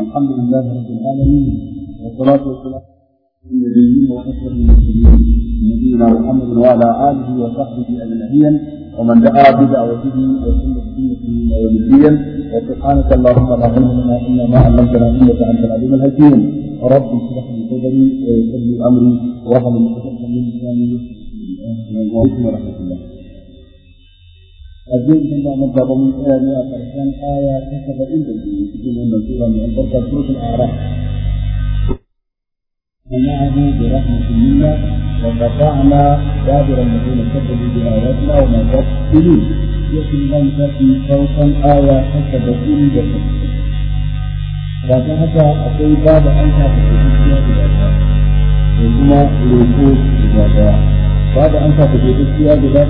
الحمد لله رب العالمين والصلاة والسلام نبينا واشرف المسلمين نبينا محمد وعلى اله وصحبه اجمعين ومن دعا بدعوته وسنة إلى يوم الدين وسبحانك اللهم لا علم لنا الا ما علمتنا انك انت العليم الحكيم رب اشرح لي صدري ويسر لي امري وهل عقدة من لساني السلام عليكم ورحمه الله أجيب من مدى من آية أفرسان آية كسب عند الدين من سورة من البركة سورة الأعراف سمعه برحمة منا وقطعنا دابر الذين كذبوا بآياتنا وما كانوا إليه يكن لم تكن صوتا آية كسب عند الدين Kafin haka akwai babu an shafa gaskiya guda ɗaya da kuma roƙo guda ɗaya. Babu an shafa gaskiya guda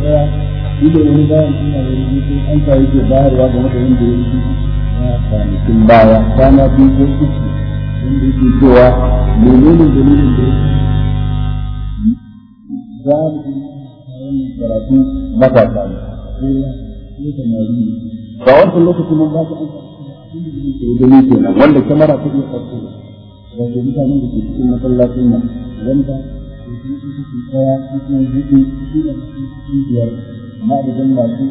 ido wani bayan suna da rubutu an sa yake bayarwa ga mata wanda ya rubutu na kwanakin baya kwana biyu ko uku wanda yake cewa menene dalilin da za mu yi karatu matasa ne ko samari ne ba wancan lokacin mun ba ka an gani kenan wanda kamera ta iya farko wato mutanen da ke cikin masallacin nan wanda da su suke kaya su kuma hudu su ne cikin biyar madadin masu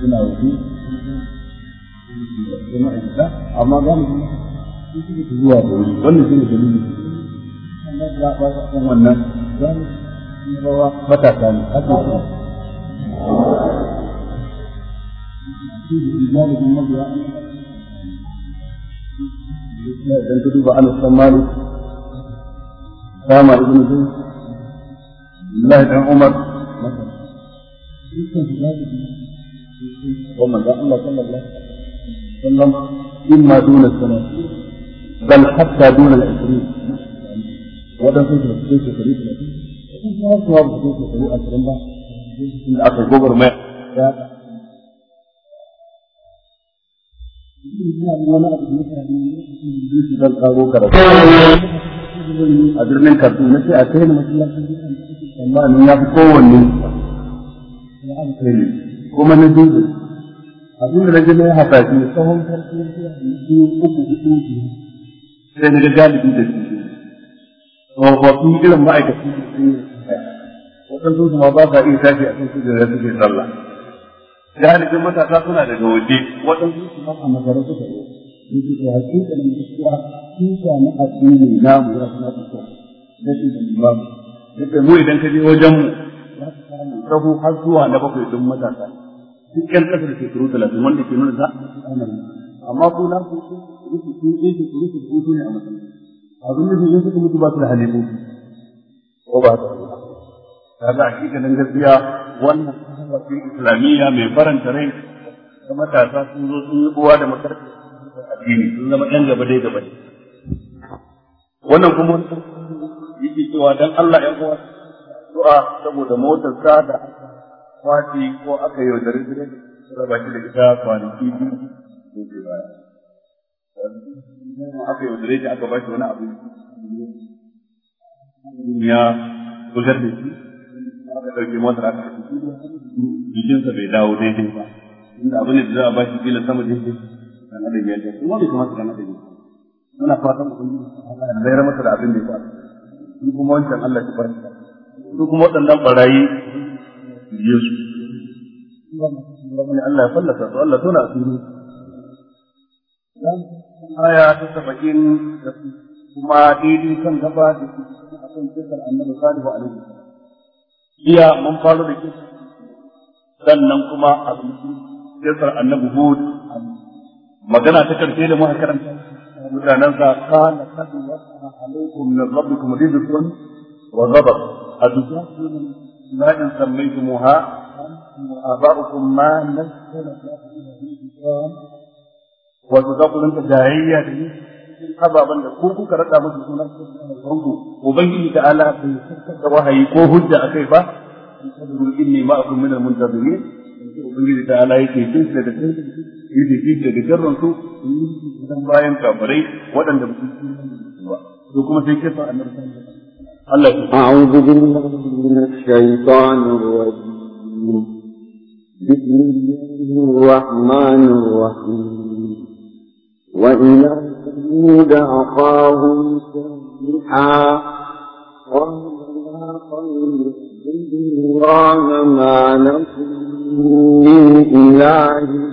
suna waje da ma'aikata amma galibi su suke ta zuwa da wuri wannan shi ne dalili sannan ya ba su kan wannan gani rawa matasa ne haka ne galibin mabiya dan ka duba Anas bin Malik Sama ibn Zayd Abdullah dan Umar masa dukkan su zaɓi wa manzan Allah sallallahu alaihi wasallam in ma dole sana bal hatta dole al'asirin waɗansu su su shekaru talatin waɗansu su su shekaru ashirin ba sun da aka gobar mai ya wani abu da mutane ne su zan karo karatu a birnin kartu na ce a kai na masallacin amma ni ya fi kowanne na an kai ne kuma na dubu abin da na ji ya hafa shi tsawon karfi biyu uku hudu biyu sai na ga galibi da shi tsofaffi irin ma'aikaci da su ne waɗansu su ma ba sa iya tashi a kan su da suke sallah galibin matasa suna daga waje waɗansu su ma a makarantu da su ne su ke hakikanin gaskiya tusa na asiri namu ya kuma fito da shi da babu yadda mu idan ka je wajen mu za ka samu sahu har zuwa na bakwai don matasa duk ƴan ƙasar da shekaru talatin wanda ke nuna za a ci amari amma ko na ku su rufe su rufe su rufe su ne a matsayin abin da zai suka mutu ba su da halibu ko ba su da kaga hakikanin gaskiya wannan sahabbacin islamiyya mai faranta rai da matasa sun zo sun yi uwa da makarfi addini sun zama ɗan gaba dai gaba ne wannan kuma yake cewa dan Allah ya uwa du'a saboda motar sa da kwaci ko aka yaudare shi da raba shi da ita kwanaki biyu ko ke baya aka yaudare shi aka bashi wani abu ya gujar da shi aka ɗauke motar aka jikinsa bai dawo daidai ba inda ne da za a bashi kila sama daidai kan adam ya kuma bai kamata kan adam ya muna fatan ubangiji ya bayar masa da abin da ya faru su kuma wancan Allah ya barka su kuma waɗannan barayi biye su Allah ya fallasa su Allah tona asiri aya ta saba'in kuma daidai kan gaba da akan kisar annabi salihu alaihi iya mun faru da kisar sannan kuma abin kisar annabi hud magana ta karshe da muka karanta مثلا قال قد وقع عليكم من ربكم رزق وغضب أدوات ما إن سميتموها أنتم وآباؤكم ما نزل وتدق لنت داعية أبا بن كوكو كرتا بن ان الرنب وبين تعالى في سكة وهي كوهد أكيفا إني معكم من المنتظرين وبين تعالى في سنة da su sun bayan kafirai waɗanda ba su ba su kuma sai Allah ya أعوذ بالله من الشيطان الرجيم بسم الله الرحمن الرحيم وإلى ثمود أخاهم صالحا قال يا قوم اعبدوا الله ما لكم من إله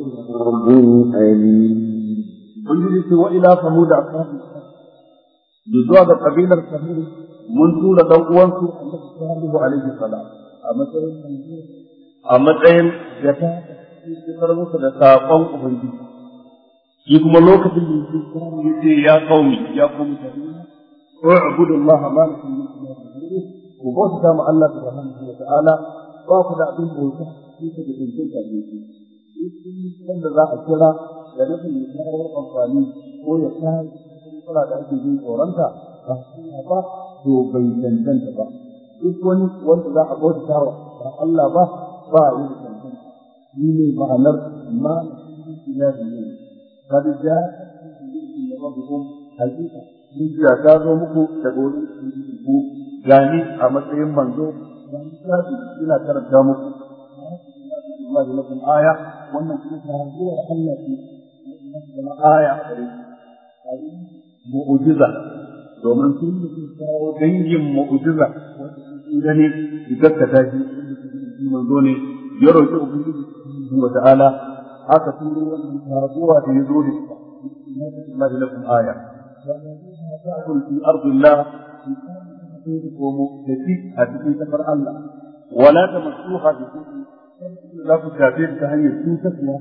رب أليم ونجلس وإلى ثمود أصحاب جزوى قبيلة ثمود من طول دوانك النبي صلى da عليه وسلم أما تقول da ta جتا تقول موسى لتاقوا أبنجي shi kuma lokacin da yake kawo yace ya kaumi ya kaumi Ko u'budu allaha ma lakum min ilahin ku bauta ma Allah subhanahu wa ta'ala ba ku da abin bauta sai ku da dinkin wanda za a kira da nufin ya kawo amfani ko ya kai kula da ake jin tsoronta ba suna ba to bai danganta ba duk wani wanda za a bauta wa ba Allah ba ba a ya danganta Ni ne ma'anar ma ya ne kad ja hakika jiya ta zo muku daga wurin ku gani a matsayin manzo ina karanta muku Allah ya lakum aya wannan kuma zuwa Allah ce zama aya a gare mu'ujiza domin sun yi sun kawo dangin mu'ujiza wanda ne su gaskata shi manzo ne ya roƙi ubangiji wa ta'ala aka turo wannan taguwa da ya zo da Allah lakum aya في أرض الله تقوموا تتي أتي تمر الله ولا تمسوها بسوء za ku shafe ta hanyar cutarwa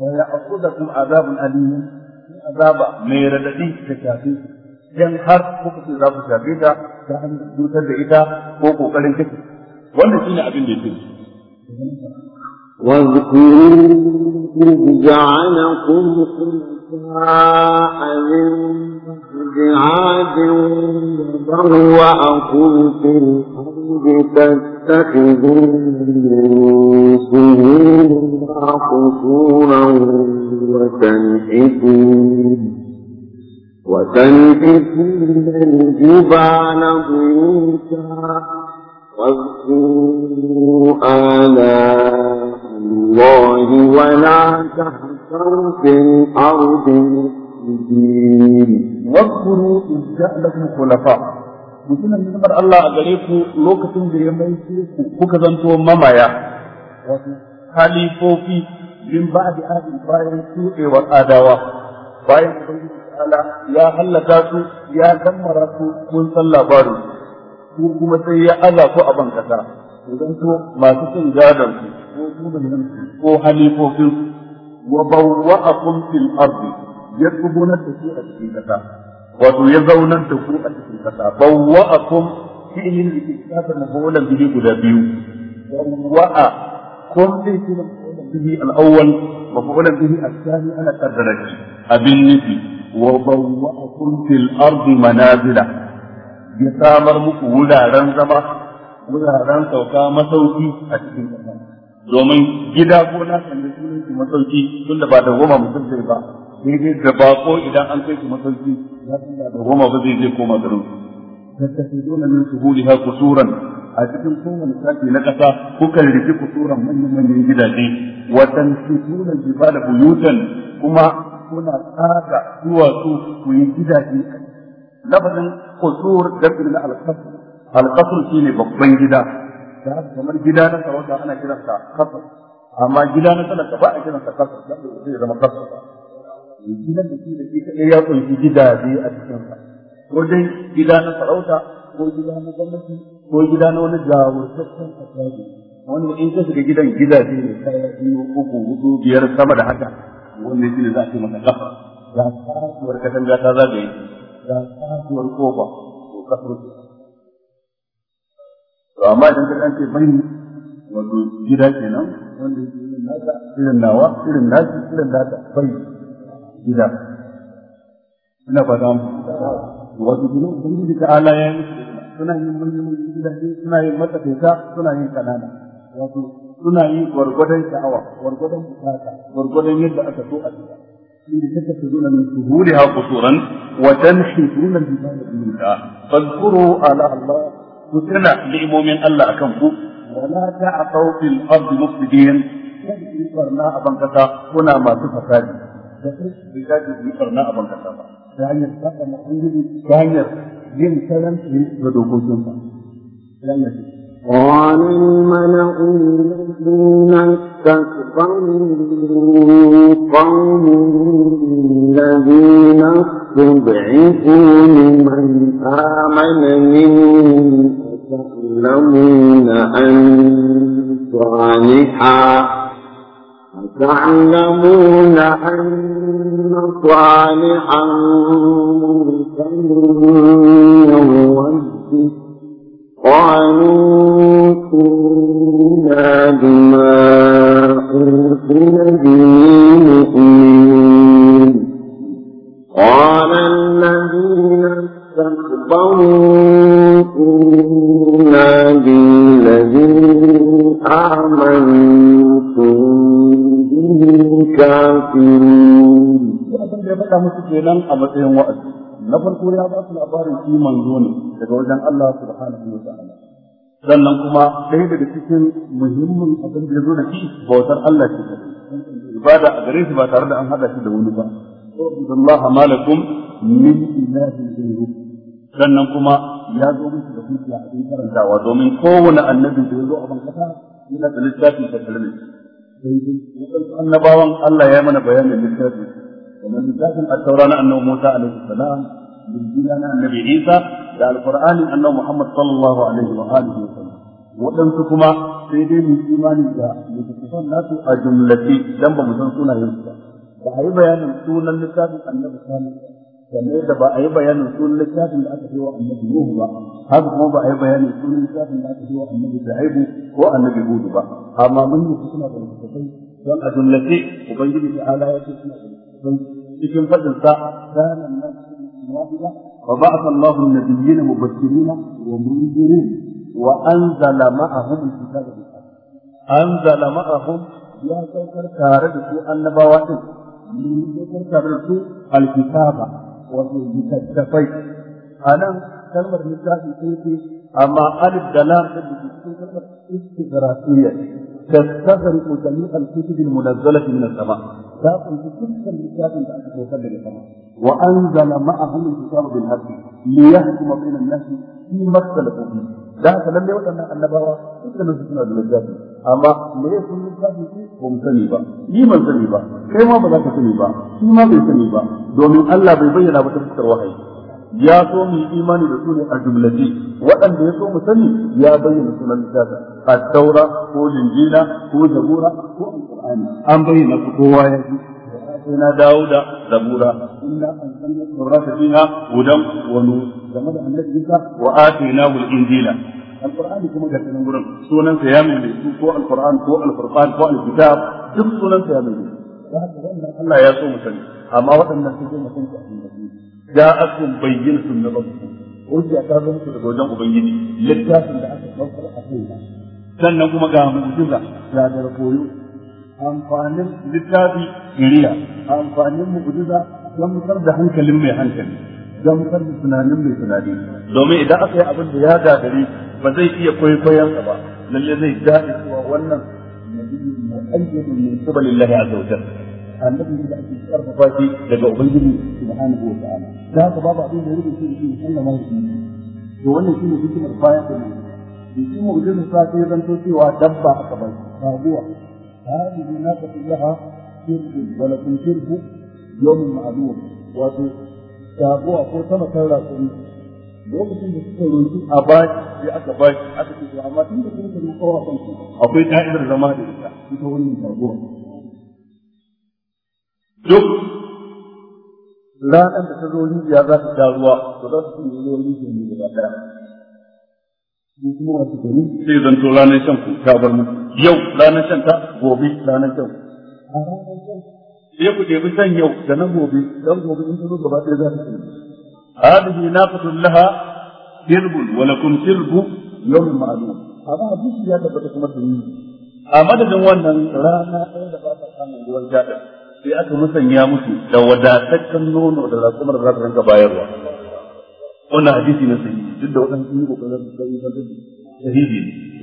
wa ya akuda kun azabun alimin azaba mai radadi ta shafe dan har ko ce za ku shafe ta ta hanyar da ita ko kokarin kake wanda shine abin da yake واذكروا إذ جعلكم خلفاء من في الأرض يتخذوا من سهولها قصورا وتنحتون وتنحتون الجبال بيوتا واذكروا آلاء الله ولا تحسروا في الأرض مفسدين واذكروا إذ جعلكم خلفاء mutumin ni'imar Allah a gare ku lokacin da ya mai ku kuka zanto mamaya Wasu halifofi min da ahli bayan shuɗewar adawa bayan ubangiji ta'ala ya hallaka su ya dammara su kun san labarin ku kuma sai ya aza ku a bankasa kasa idan masu cin gadon ku ko su, ko halifofin wa bawwa'akum fil ardi yatubuna tafi a cikin kasa wato ya zaunan da ku a cikin kasa bawwa'akum fi'lin da ke kasar mafawalan bihi guda biyu bawwa'a kun zai ce mafawalan bihi al-awwal mafawalan bihi al-thani ana kaddara abin nufi wa bawwa'akum fil ardi manazila ya samar muku wuraren zama wuraren sauka masauki a cikin kasa domin gida ko na sanda sunan masauki tunda ba da goma mutum zai ba daidai da bako idan an kai shi masauki da goma ba zai je koma garin tattasudun min suhuliha qusuran a cikin kowane sati na ƙasa, kuka riki qusuran manyan manyan gidaje wa tansutuna da buyutan kuma kuna tsaka duwatsu ku yi gidaje lafazin qusur dabin na alƙasar. Alƙasar shi ne babban gida da kamar gida na sarauta ana kiransa ƙasar. amma gida na talaka ba a kiransa qasr dan zai zama ƙasar. gidan da shi da shi kaɗai ya kunshi gidaje a cikinsa ko dai gida na farauta ko gida na gwamnati ko gida na wani jawurtaccen asali wani in ka shiga gidan gidaje ne kaya biyu uku hudu biyar sama da haka wanda shi ne za a ce maka kafa ga kasuwar katanga ta zagaye ga kasuwar kofa ko kasuwar to amma idan ka ɗan ce bai wato gida kenan wanda shi ne naka irin nawa irin naki irin naka bai gida suna ba za mu ubangiji ta ala ya yi suna yin mulki gida suna yin matsakaita suna yin kanana wato suna yi gwargwadon sha'awa gwargwadon bukata gwargwadon yadda aka so a gida إن تتخذون من سهولها قصورا وتنحتون الجبال Allah. فاذكروا آلاء الله وتنا لإمومين ألا a ولا تعطوا في الأرض مفسدين كان في a bankasa هنا masu تفسد da su ta hanyar saka na ta hanyar yin karanci da dokokinsa قال الملأ الذين استكبروا الذين لمن آمن منهم أن صالحا تعلمون أن صالحا مرسل من قالوا كنا بما أرسل به مؤمنين قال الذين استكبروا كنا بالذي آمنوا kafirun abin da na farko ya ba su labarin shi manzo ne daga wajen Allah subhanahu wa ta'ala sannan kuma ɗaya daga cikin muhimmin abin da ya zo da shi bautar Allah shi ibada a gare shi ba tare da an hada shi da wani ba Allah malakum min ilahin ghayru sannan kuma ya zo musu da hujja a cikin karantawa domin kowane annabi da ya zo a ban kasa yana da littafin tattalin annabawan Allah ya mana bayanin littafi kamar littafin at-taura na annabi Musa alaihi salam injila na annabi Isa da alqur'ani annabi Muhammad sallallahu alaihi wa alihi wa sallam waɗansu kuma sai dai mu imani da littafin nasu a jumlace dan ba mu san sunayen su ba ba a yi bayanin sunan littafin annabi sallallahu kamar da ba a yi bayanin sunan littafin da aka wa annabi Nuhu ba haka kuma ba a yi bayanin sunan littafin da aka wa annabi Shu'aibu ko annabi Hud ba amma mun yi su suna da littafai don a dullace ubangiji ta ala ya ce suna da littafai cikin fadin sa kana nan wahida wa ba'atha Allahu an-nabiyyina mubashirin wa mundirin wa anzala ma'ahum al-kitaba anzala ma'ahum ya saukar tare da su annabawa din mun saukar tare da su al-kitaba wato littattafai a nan kalmar littafi sai ce amma alif da lam da تستغرق جميع الكتب المنزلة من السماء تأخذ كل الكتاب التي توصل السماء وأنزل معهم الكتاب بالهدي ليحكم بين الناس فيما اختلفوا فيه da haka lalle waɗannan annabawa dukkanin su suna da littafi amma me ya sun littafi su ba mu sani ba ni ban sani ba kai ma ba za ka sani ba shi ma bai sani ba domin Allah bai bayyana ba ta fuskar wahayi ya so mu yi imani da su ne a jumlace waɗanda ya so mu sani ya bayyana sunan littafin A taura ko linjila ko zabura ko alqur'ani an bayyana su kowa ya ji sai na dawo da zabura inna anzalna tawrata udan hudan wa nur game da annabi Isa wa atainahu al-injila alqur'ani kuma ga sanan gurin ya mai su ko alqur'an ko alfurqan ko alkitab duk sunan sa ya mai da haka wannan Allah ya so mu sani amma waɗannan su ke mutum ta annabi ja'akum bayyinatun min rabbikum hujja ta zo muku daga wajen ubangiji littafin da aka saukar a kai sannan kuma ga mu'jiza da koyo amfanin littafi shari'a amfanin mu'jiza don mutar da hankalin mai hankali jamfar da tunanin mai tunani domin idan aka yi abin da ya gagari ba zai iya kwaikwayon ba lalle zai gane cewa wannan nabiyyu mai aljanu min qibalillahi azza wa jalla annabi da ake karfafa shi daga ubangiji subhanahu wa ta'ala da haka babu abin da ya rubuce shi Allah ma shi to wannan shi ne hikimar baya da ne shi mu da sa sai zanto cewa dabba aka bai sabuwa hadi na ta kullaha shirku wala kun shirku yawmin ma'lum wato tabuwa ko sama kan rakumi lokacin da suka roƙi a baki sai aka baki aka ce to amma tun da kun ka roƙa wa kanku akwai ka'idar zama da ita ita wani tabuwa duk ranar da ta zo rijiya za ta taruwa ruwa to za su ne ruwan rijiya ne gaba ɗaya ko kuma wasu gari sai zan to ranar shan ku ta bar mu yau ranar shan ta gobe ranar shan ku a ranar shan ya ku ɗebi san yau da na gobe dan gobe in ta zo gaba ɗaya za ta ce hadihi naqatul laha sirbun wa lakum sirbu yawm ma'lum amma hadisi ya tabbata kuma da ni a madadin wannan rana ɗaya da ba ta samun ruwan jada sai aka musanya musu da wadataccen nono da raƙumar za ta rinka bayarwa wannan hadisi na sahihi duk da waɗansu yi ƙoƙarin da yi sahihi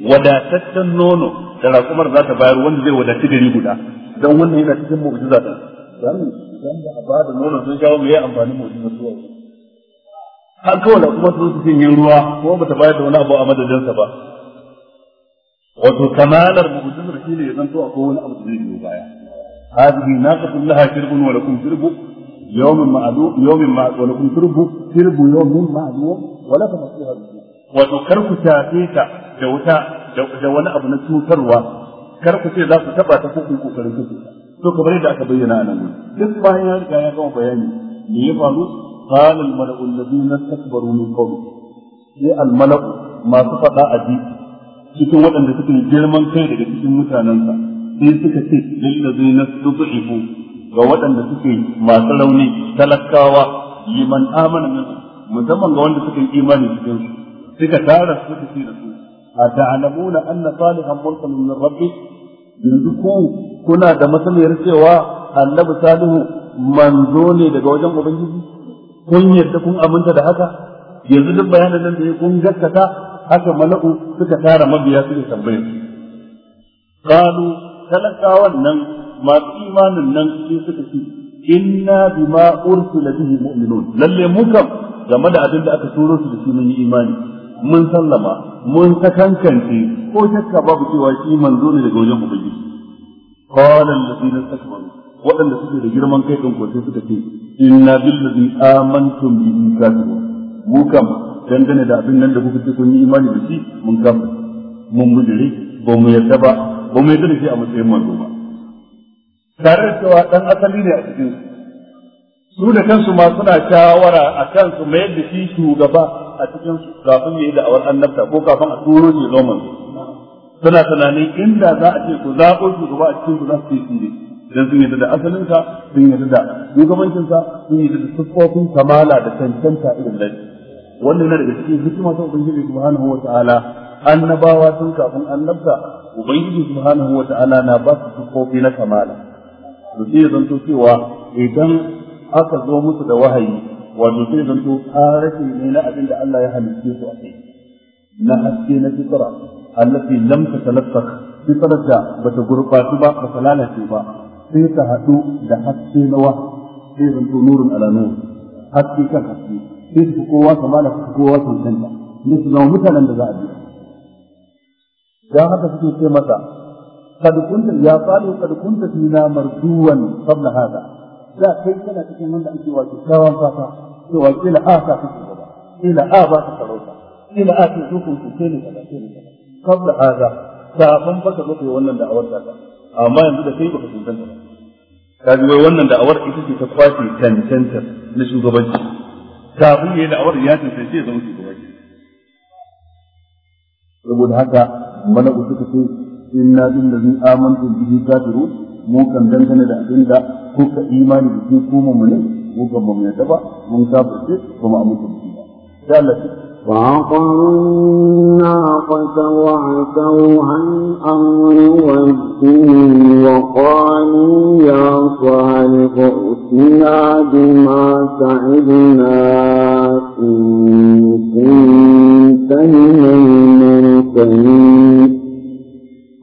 wadataccen nono da raƙumar za ta bayar wanda zai wadaci gari guda dan wannan yana cikin mu'jiza ta dan dan da ba da nono sun shawo me amfanin mu'jiza zuwa har kawai da kuma sun cikin yin ruwa kuma bata bayar da wani abu a madadin sa ba wato kamalar mu'jizar shi ne zan to akwai wani abu da zai biyo baya hadhihi naqatun laha shirbun wa lakum shirbu yawmin ma'lum yawmin ma'lum wa lakum shirbu shirbu yawmin ma'lum wa lakum fiha wato kar ku tafe ta da wuta da wani abu na cutarwa kar ku ce za ku taba ta kuku kokarin kuku to kamar yadda aka bayyana a nan duk bayan ya riga ya gama bayani me ya faru qala al mala'u alladhina istakbaru min sai al mala'u masu fada a ji cikin waɗanda suke girman kai daga cikin mutanensa sai suka ce lillazina tudhifu ga waɗanda suke masu rauni talakawa liman amana min musamman ga wanda suke imani cikin su tara suka da su a ta'lamuna anna salihan yanzu ku kuna da masaniyar cewa annabi salihu manzo ne daga wajen ubangiji kun yadda kun aminta da haka yanzu duk bayanan nan da ya kun gaskata haka mala'u suka tara mabiya suke tambaye kanu talakawan nan masu imanin nan sai suka ce inna bima ursila bihi mu'minun lalle mu kam game da abin da aka turo su da shi yi imani mun sallama mun sakankance ko shakka babu cewa shi manzo ne daga wajen ubangi qala alladhina istakbaru waɗanda suke da girman kai din ko sai suka ce inna billazi amantum bihi kafirun mu kam dangane da abin nan da kuka ce kun yi imani da shi mun kam mun mujire ba mu yarda ba ba mu yarda da shi a matsayin manzo ba tare da cewa dan asali ne a cikin su da kansu ma suna shawara a kansu mayar da shi shugaba a cikin su kafin yayi awar annabta ko kafin a turo shi zo manzo suna tunanin inda za a ce ku zaɓo shugaba a cikin su za su yi idan sun yadda da sa sun yadda da shugabancinsa sun yadda da siffofin kamala da cancanta irin da wannan yana daga cikin hikima ta ubangiji subhanahu wa ta'ala annabawa sun kafin annabta ubangiji subhanahu wa ta'ala na ba su siffofi na kamala to sai zanto cewa idan aka zo musu da wahayi wato sai zan to tarihi ne na abin da Allah ya halitta su a kai na haske na fitra allati lam tatalaffaq fitrar da bata gurbatu ba ba, ta lalace ba sai ta hadu da haske na wa sai zan to nurun ala haske kan haske sai su kowa kamala su kowa sun santa ne su zama mutanen da za a bi dan haka suke ce masa قد كنت يا صالح قد كنت فينا مردوا قبل هذا da kai kana cikin wanda ake wato tsawon fata cewa kila a ta kake gaba kila a ba ta sarauta kila a ce dukun ku ce ne kaza ce ne kaza kabla hada kafin fa ka kai wannan awar ta amma yanzu da kai baka tantance ba kaji wai wannan da'awar ita ce ta kwace tantance na shugabanci kafin da da'awar ya tantance ya zama shugabanci saboda haka mana uku ta ce inna bil ladzi amantum bihi kafirun mu kan dangane da abin da kuka imani da shi ku mu ne mu kan mu yadda ba mun kafirce ba mu amince da shi ba وعقروا الناقة وعتوا عن أمر ربهم وقالوا يا صالح ائتنا بما تعدنا إن كنت من المرسلين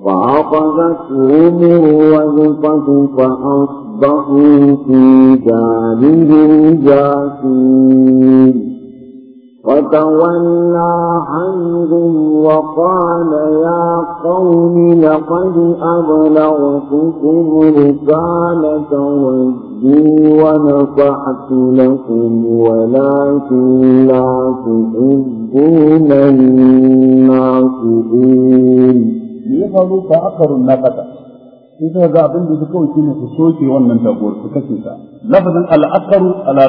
فأخذتهم الرجفة فأصبحوا في دارهم جاثمين فتولى عنهم وقال يا قوم لقد أبلغتكم رسالة ربي ونصحت لكم ولكن لا تحبون الناصحين me ya faru ka akarun naqata shi ta ga abin da kawai ne su soke wannan taguwar su kace ta lafazin al'akaru a ala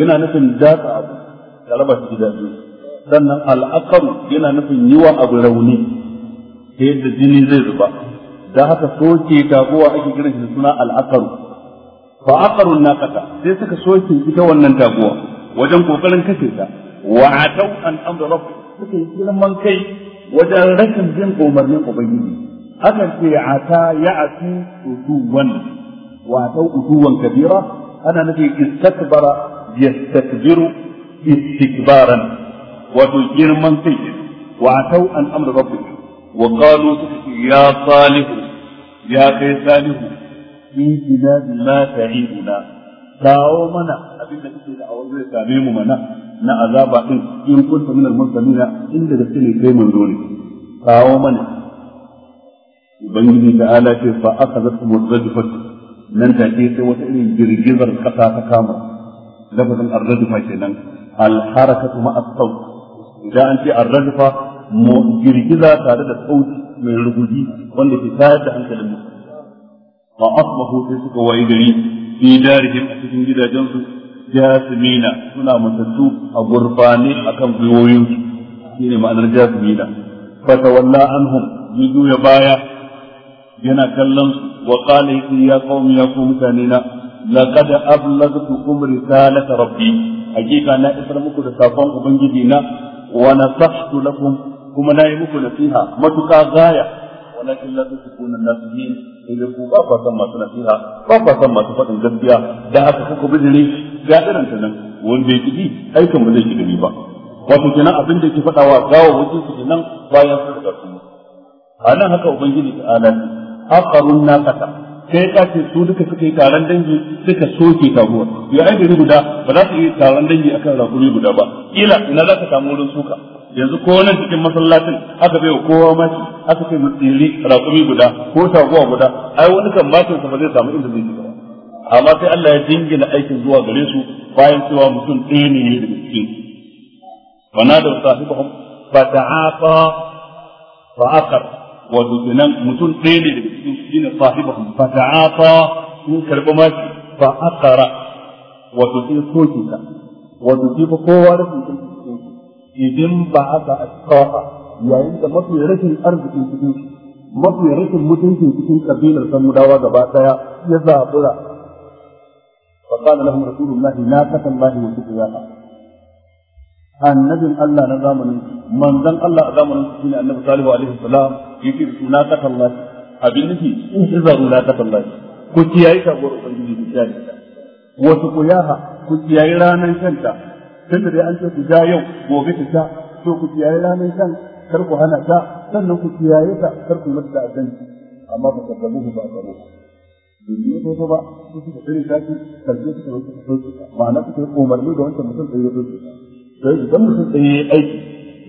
yana nufin datsa abu da raba shi gida biyu sannan al'akaru yana nufin yiwa abu rauni ta yadda jini zai zuba da haka soke taguwa ake kiran shi suna al'akaru fa akarun naqata sai suka soke ita wannan taguwa wajen kokarin kace ta wa atau an amra rabbi suka yi girman kai wajen rashin jin umarnin ubangiji akan ce ata ya ati utuwan wato utuwan kabira ana nufin istakbara yastakbiru istikbaran wato girman kai wa an amra rabbika wa qalu ya salihu ya kai salihu in kina la ta'iduna dawo mana abinda da kake da awon zai same mu mana na azaba din in kunta min al-mursalina inda da kake kai manzo ne kawo mana ubangiji da ala ce fa akhadhatu murjafat nan ta take sai wata irin girgizar kasa ta kama lafazin ar-rajfa kenan al-harakatu ma as-sawt idan an ce ar-rajfa mu girgiza tare da sauti mai rubuji wanda ke tayar da hankalin mutum fa asbahu sai suka waye gari fi darihim a cikin gidajensu jasimina suna matattu a gurfane akan gwiwoyinsu shine ma'anar jasimina fatawalla anhum yuju ya baya yana kallon su wa qala ya qaumi ya qum kanina laqad ablagtukum risalata rabbi hakika na isar muku da sakon ubangiji na wa nasahtu lakum kuma na yi muku nasiha matuka gaya walakin la tusifuna nasihin sai dai ku ba kwa san masu nasiha ba kwa san masu faɗin gaskiya da haka kuka bijire ga irin ta nan wanda ya kidi aikin ba zai kidi ba wato kenan abin da yake faɗawa gawa wajen su kenan bayan sun riga sun a nan haka ubangiji ta ala aqarun naqata kai ka ce su duka suka yi taron dangi suka soke taguwa ya ai gari guda ba za su yi taron dangi akan rakumi guda ba ila ina za ka samu wurin suka yanzu ko nan cikin masallacin aka bai kowa maki aka kai mutsiri raƙumi guda ko taguwa guda ai wani kan makin sa ba zai samu inda zai shiga amma sai Allah ya dingina aikin zuwa gare su bayan cewa mutum ɗaya ne ne daga cikin wana da sahibahum fa ta'afa fa akar wato kenan mutum ɗaya ne daga cikin shine sahibahum fa ta'afa in karɓi maki fa akara wato sai soke ka wato sai kowa da kirki idan ba aka asfafa yayin da mafi rashin arzikin cikin su mafi rashin mutuncin cikin kabilar samudawa gaba daya ya zabura fa qala lahum rasulullahi la takallahi wa tuqiyaha annabin Allah na zamanin manzon Allah a zamanin su shine annabi salihu alaihi salam yake su na takallahi abin nufi in zaru la takallahi ku kiyaye shagowar ubangiji ku kiyaye ta wa tuqiyaha ku kiyaye ranar kanta tunda dai an ce ku ja yau gobe ku sha to ku kiyaye ranar shan kar ku hana ta sannan ku kiyaye ta kar ku mata adan amma ba ka kallu ba ka domin ko ko ba su suka tsare ta ki kallu suka wata ta sauke ta ma'ana suka yi umarni ga wancan mutum tsaye ya sauke ta to yanzu dan mutum tsaye ya yi aiki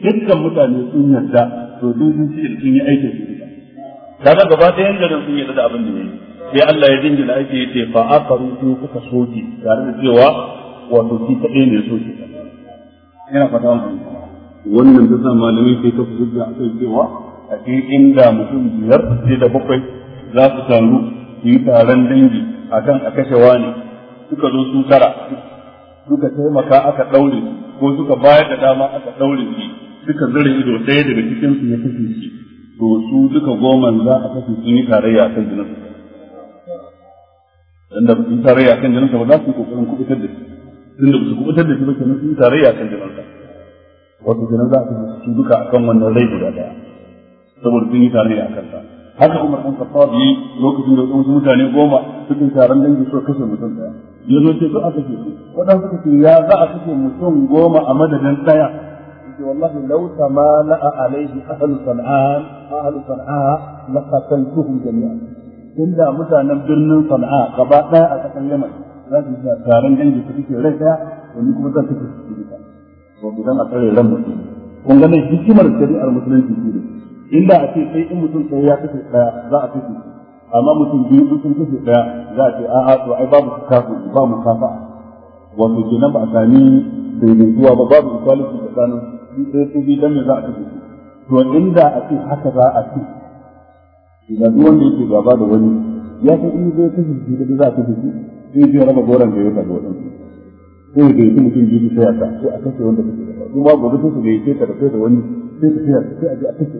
dukkan mutane sun yarda to dukkan su sun yi aiki. su kaga gaba ɗayan garin sun yarda da abin da ya yi sai Allah ya dingina aiki ya ce fa aqaru kuka soke tare da cewa wato shi kaɗai ne so shi Yana fata mu wannan ta sa malamai sai ta fito da akai cewa a cikin inda mutum biyar sai da bakwai za su taru su yi taron dangi akan a kashe wani suka zo su tara suka taimaka aka ɗaure ko suka bayar da dama aka ɗaure shi suka zare ido ɗaya daga cikin su ya kashe shi to su duka goma za a kashe sun yi tarayya a kan jinin dan da sun tarayya a kan jinin ba za su yi kokarin kubutar da shi tun da su kubutar da shi ba kenan sun tarayya kan jinansa wato kenan za a tafi su duka akan wannan rai guda daya saboda sun yi tarayya a kansa haka Umar ɗan Khattab yi lokacin da wasu mutane goma suka taron dangi so kashe mutum daya ya zo ce to aka ce su wadan suka ce ya za a kashe mutum goma a madadin daya yace wallahi law tamala'a alaihi ahlu san'an ahlu san'a la qataltuhum jami'an inda mutanen birnin sana'a gaba daya a kasar Yemen za su yi taron dangi su suke rai daya wani kuma za su fi su ta ba mu zan a tsare ran mutum kun ga hikimar shari'ar musulunci shi ne inda a ce sai in mutum sai ya kashe daya za a kashe amma mutum biyu in sun kashe daya za a ce a'a to ai babu kafu ba mu kafa wato nan ba a sami daidaituwa ba babu equality tsakanin ɗaya su bi dan me za a kashe to inda a ce haka za a ce idan wanda yake gaba da wani ya san in zai kashe shi da za a kashe sai zai raba goron da ya ga waɗansu sai da yake mutum biyu sai aka sai aka ce wanda kake da ma gobe su da yake ka da wani sai ka tsaya sai a ji a kace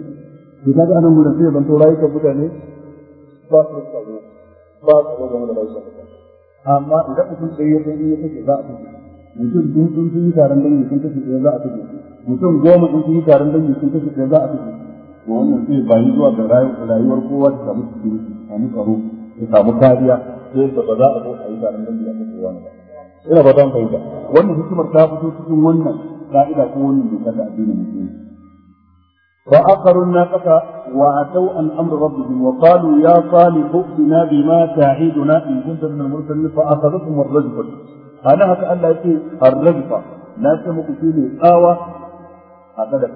to kaga anan mun sai ban to rayukan mutane ba su tsaro ba su tsaro da rayukan mutane amma idan mutum sai ya san ya kace za a kace mutum biyu sun yi taron dangi sun kace da za a tafi. mutum goma sun yi taron dangi sun kace da za a tafi. wannan sai bayi zuwa ga rayuwar kowa ta samu tsaro ta samu kariya yadda ba za a zo a yi da annabi ya kace wani ina ba zan fahimta wannan hikimar ta fito cikin wannan ka'ida ko wannan doka da addinin musulunci fa aqaru naqata wa atau an amr rabbihim wa qalu ya salih bina bima ta'iduna in kunta min al-mursalin fa akhadathum ar-rajfa ana haka Allah yake ar-rajfa na ce muku shine tsawa a kada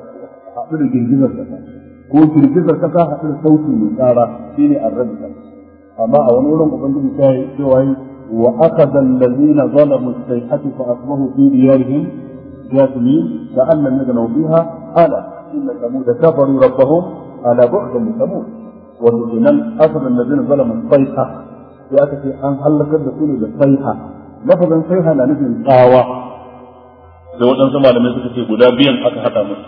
a da girgizar kasa ko girgizar kasa a da sauti mai tsara ne ar-rajfa amma a wani wurin ubangiji ta yi cewa yi wa akhadha allazina zalamu sayhatu fa asbahu fi diyarihim jasmin ka annam yagnaw biha ala inna samud kafaru rabbahum ala bu'dan min samud wa dinan akhadha allazina zalamu sayha ya aka ce an halakar da su ne da sayha lafazin sayha na nufin tsawa sai waɗansu malamai suka ce guda biyan aka haɗa musu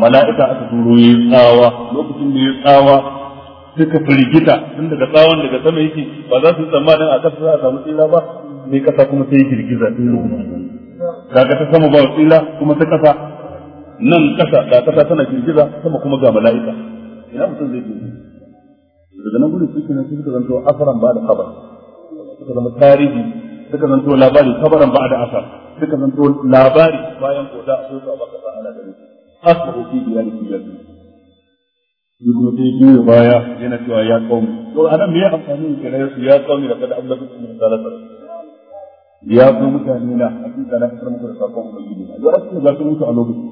mala'ika aka turo yi tsawa lokacin da ya tsawa suka firgita tun daga tsawon daga sama yake ba za su yi tsammanin a kasa za a samu tsira ba mai kasa kuma sai girgiza kaga ta sama ba tsira kuma ta kasa nan kasa ga kasa tana girgiza sama kuma ga mala'ika ina mutum zai girgiza daga nan gudun cikin nan suka zanto asaran ba da kabar suka zama tarihi suka zanto labari kabaran ba da asar suka zanto labari bayan koda a sosa ba kasa ana gari asbahu biyar diyarikum biyar shi kuma sai juya baya yana cewa ya kaumi to anan me ya amfani da kira su ya kaumi da kada abla kuma salata ya ku mutane na hakika na fitar muku da sakon ubangiji na yau su za su mutu a lokacin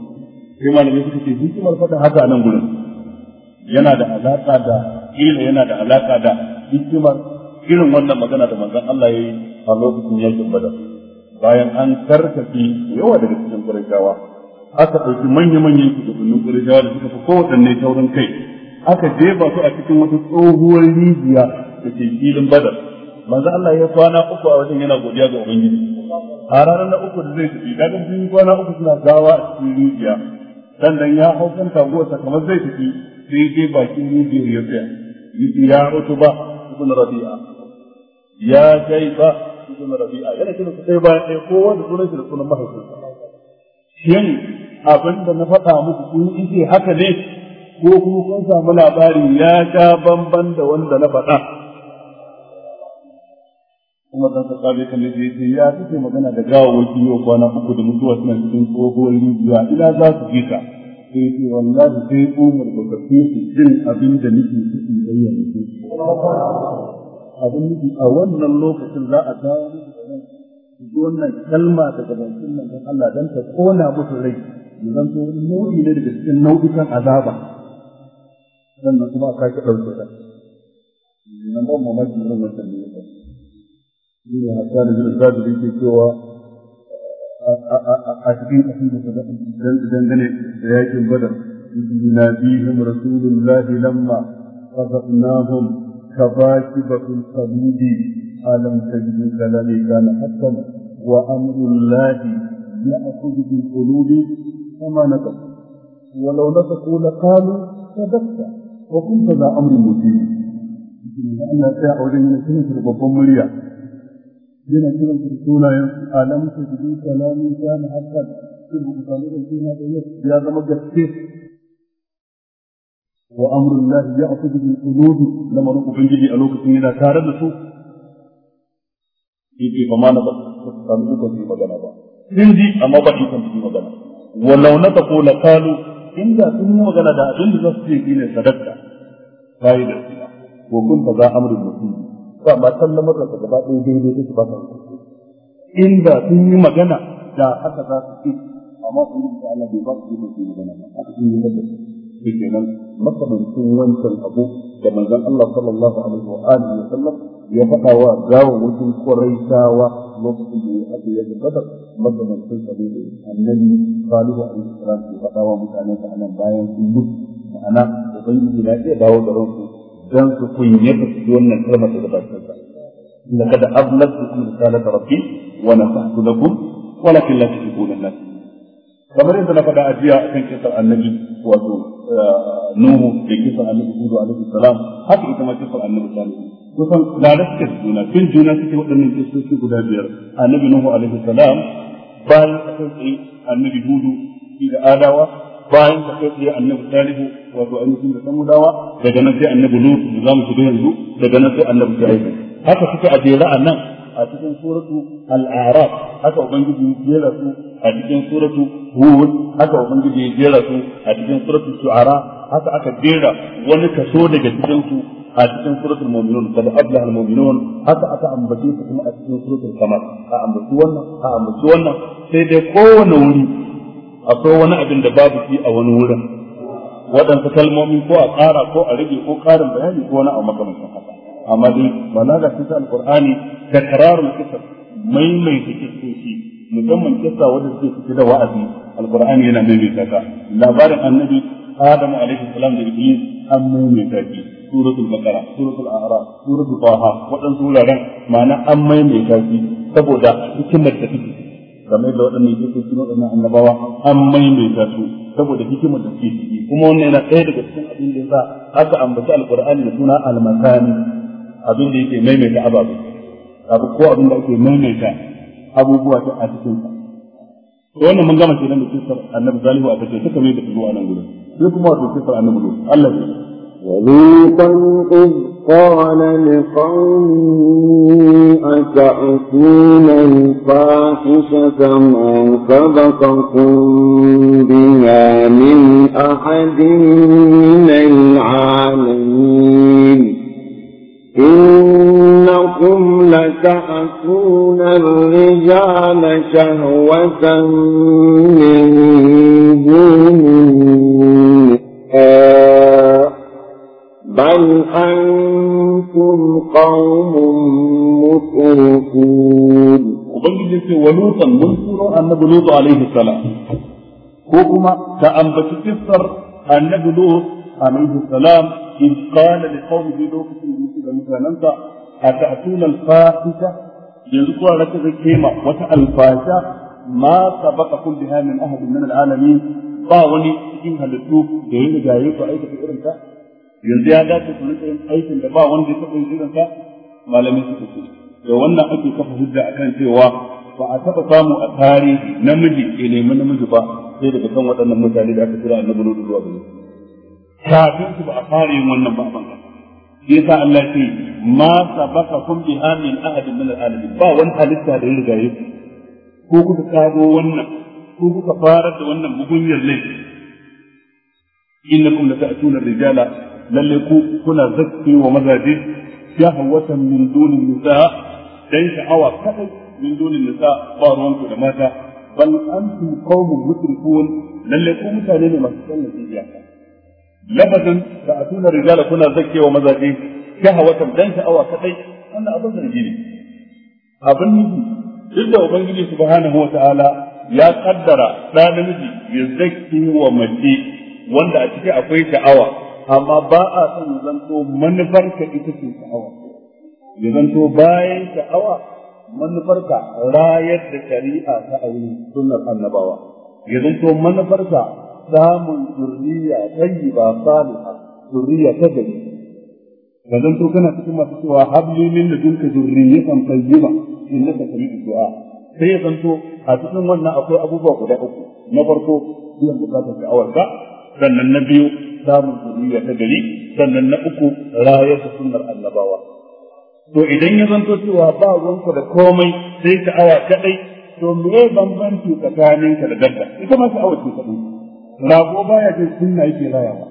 sai malamai suka ce hikimar fata haka a nan gurin yana da alaka da kila yana da alaka da hikimar irin wannan magana da manzon Allah ya yi a lokacin yakin badar bayan an karkace yawa daga cikin kurashawa aka ɗauki manya-manyan shugabannin kurashawa da suka fi kowaɗanne taurin kai aka jeba su a cikin wata tsohuwar rijiya da ke filin badar manzo Allah ya kwana uku a wajen yana godiya ga ubangiji a ranar na uku da zai tafi daga cikin kwana uku suna gawa a cikin rijiya sannan ya hau kan taguwarsa kamar zai tafi sai dai bakin rijiyar ya tsaya yi ya mutu ba ibn rabi'a ya kai ba ibn rabi'a yana kira sai ba ɗaya kowa da sunan shi da sunan mahaifinsa shin abin da na faɗa muku kun ce haka ne ko kuma kun samu labari ya sha bamban da wanda na faɗa kuma dan ka sabe kan da yake ya kike magana da gawawaki yau kwana uku da mutuwa suna cikin tsohuwar rijiya ina za su ji ka sai ce wallahi sai umar ba ka fi su jin abin da nake ciki bayyana su abin nufi a wannan lokacin za a kawo musu wannan kalma daga bakin manzon Allah dan ta kona musu rai yanzu to nau'i ne daga cikin nau'ikan azaba من ما كاك أوجدك من ما ما مجد من تنبيه من هكذا رجل الزاد بيكي كوا أكبر أكبر أكبر رسول الله لما قضقناهم كباكبة الصديد ألم تجد كلامي كان حكم وأمر الله يأخذ بالقلوب وما نقص ولو نقصوا لقالوا تذكر wa kun fa za amrin mutum ana tsaya a wajen yana kiran su babban murya yana kiran su da sunayen alamu ta jibi salamu ta na hakan sun bukuta da suna da ya zama gaske wa amrun lahi ya a lokacin yana tare da su yake ba ba su samu magana ba sun ji amma ba ikon su magana walau na taqulu qalu inda sun yi magana da abin da za su ce shine sadaka kai da siya ko kun ta za amrul mutum ba ma sallamar da gaba ɗaya daidai su ba ta inda sun yi magana da haka za su ce amma sun yi da Allah bai ba su yi mutum magana haka sun yi da shi kenan makamancin wancan abu da manzon Allah sallallahu alaihi wa alihi wa sallam ya faɗa wa gawawwakin Quraishawa lokacin da ya aka yi Badar makamancin sabu da annabi Salihu alaihi sallam ya faɗa wa mutanen sa nan bayan sun mutu ma'ana ubangiji na zai dawo da ranku don su kunyata su wannan kalmar da gabatarsa لقد أبلغتكم rabbi wa ونصحت لكم ولكن la تحبون الناس kamar yadda na faɗa a jiya kan kisar annabi wato eh, nuhu da kisar annabi hudu alaihi salam haka ita ma kisar annabi salihu kusan da suke suke juna kin juna suke waɗannan kisoshi guda biyar annabi nuhu alaihi salam bayan kasance annabi hudu da adawa bayan ka sai tsaye annabi salihu wato ainihin da dawa. daga nan sai annabi lutu da zamu shiga yanzu daga nan sai annabi shu'aibu haka suke a jere a nan a cikin suratu al-a'raf haka ubangiji ya jera su a cikin suratu hud haka ubangiji ya jera su a cikin suratu su'ara haka aka jera wani kaso daga cikin su a cikin suratul mu'minun kada abla al-mu'minun haka aka ambace su kuma a cikin suratul kamar a ambaci wannan a ambaci wannan sai dai kowanne wuri akwai wani abin da babu shi a wani wurin waɗansu kalmomi ko a ƙara ko a rage ko ƙarin bayani ko wani a makamancin haka amma dai balaga sun sa alƙur'ani da kararun kisa maimaita kisoshi musamman kisa wanda suke fice da wa'azi alƙur'ani yana maimaita ka labarin annabi adamu alaihi salam da iblis an maimaita shi suratul baqara suratul a'raf suratul taha waɗansu wuraren ma'ana an maimaita shi saboda hikimar da take kamar da waɗannan cikin waɗannan annabawa an maimaita su saboda hikimar da suke ciki kuma wannan yana ɗaya daga cikin abin da yasa aka ambaci alqur'ani da suna almasani abin da yake maimaita ababu abu ko abin da ake maimaita abubuwa ta a cikin sa wannan mun gama kenan da kisar annabi zalihu a take take mai da zuwa nan gurin sai kuma wato kisar annabi Allah ya ولوطا إذ قال لقومه أتأتون الفاحشة ما سبقكم بها من أحد من العالمين إنكم لتأتون الرجال شهوة من دون آه، بل أنتم أنتم قوم مسرفون ubangiji ce wa lutan mun turo annabi lutu alaihi salam ko kuma ta ambaci kissar annabi lut alaihi salam in qala li qaumihi lokacin da yake da mutanansa ata'tuna al-fahisha yanzu ko raka da kema wata alfasha ma sabaqakum ahadin min al ba wani halittu da yanzu ya dace ku rika yin aikin da ba wanda ya taɓa yin jiran sa malamin su kuke da wannan ake kafa hujja akan cewa ba a taɓa samu a tarihi namiji ke nemi namiji ba sai daga kan waɗannan mutane da aka kira annabi Nuhu zuwa ba. kafin su ba a fara yin wannan ba a ka shi yasa Allah ce ma kun bi min ahadin min al-alamin ba wani halitta da ya riga yake ko kuka kago wannan ko kuka farar da wannan mugunyar ne innakum lata'tuna ar-rijala lalle ku kuna zakki wa mazaje hawatan min duni nisa dan sha'awa kadai min duni nisa ba ku da mata bal antum qaumun mutrifun lalle ku mutane ne masu sanin iyaka labadan da atuna rijala kuna zakki wa mazaje hawatan dan sha'awa kadai wannan abin zargi ne abin nufi duk da ubangiji subhanahu wa ta'ala ya kaddara ɗa namiji ya zaki wa mace wanda a ciki akwai sha'awa amma ba a son ya zanto manufarka ita ce sha'awa ya zanto bayan sha'awa manufarka rayar da shari'a ta ainihin sunnar annabawa ya zanto manufarka samun zurriya ba saliha zuriya ta gari zan zanto kana cikin masu cewa hablu min zuriya zurriyatan tayyiba ta yi du'a sai ya zanto a cikin wannan akwai abubuwa guda uku na farko biyan bukatar sha'awarka sannan na biyu samun zuriya ta gari sannan na uku rayar da sunnar annabawa to idan ya zanto cewa ba ruwanka da komai sai ka aya kadai to me bambanci tsakaninka da dabba ita ma sha'awar ce kadai rago baya jin sunna yake rayawa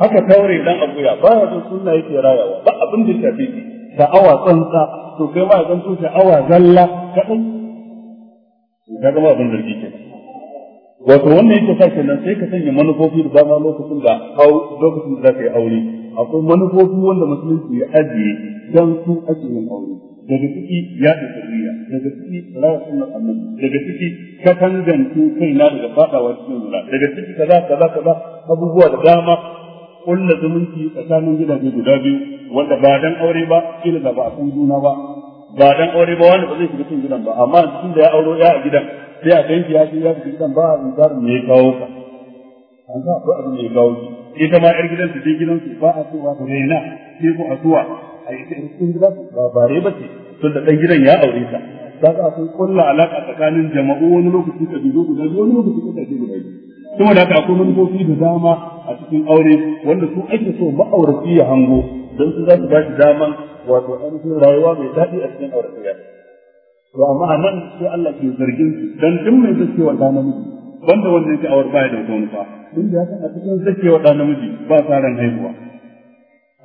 haka taure dan abuya baya jin sunna yake rayawa ba abin da shafe shi sha'awa tsantsa to kai ma ya zanto sha'awa zalla kadai ka zama abin da zargi kenan wato wannan yake sa kenan sai ka sanya manufofi da dama lokacin da lokacin da za yi aure akwai manufofi wanda musulunci ya ajiye dan su ake yin aure daga ciki ya da zuriya daga ciki ra'a sunnar annabi daga ciki ka kai na daga fadawa cikin zura daga ciki kaza kaza kaza abubuwa da dama kullu zumunci tsakanin gidaje guda biyu wanda ba dan aure ba kila da ba a san juna ba ba dan aure ba wanda ba zai shiga cikin gidan ba amma cikin da ya auro ya a gidan sai a ganki ya ya fi gidan ba a inkarin mai ya kawo ka an ga akwai abin mai ya kawo ki Sai kama yar gidansu je gidansu ba a cewa ta raina sai ko a zuwa a yi yar cikin gidan ba bare ba ce tun da ɗan gidan ya aure ta za ka akwai kulla alaƙa tsakanin jama'u wani lokaci ka biyo guda biyu wani lokaci ka biyo guda biyu kuma da akwai manufofi da dama a cikin aure wanda su ake so ma'aurati ya hango don su za su ba shi daman wato ainihin rayuwa mai daɗi a cikin auratayya to amma nan sai Allah ke zargin su dan din mai wa dan namiji banda yake awar baya da wata ba. inda ya san a cikin wa dan namiji ba tsaron haihuwa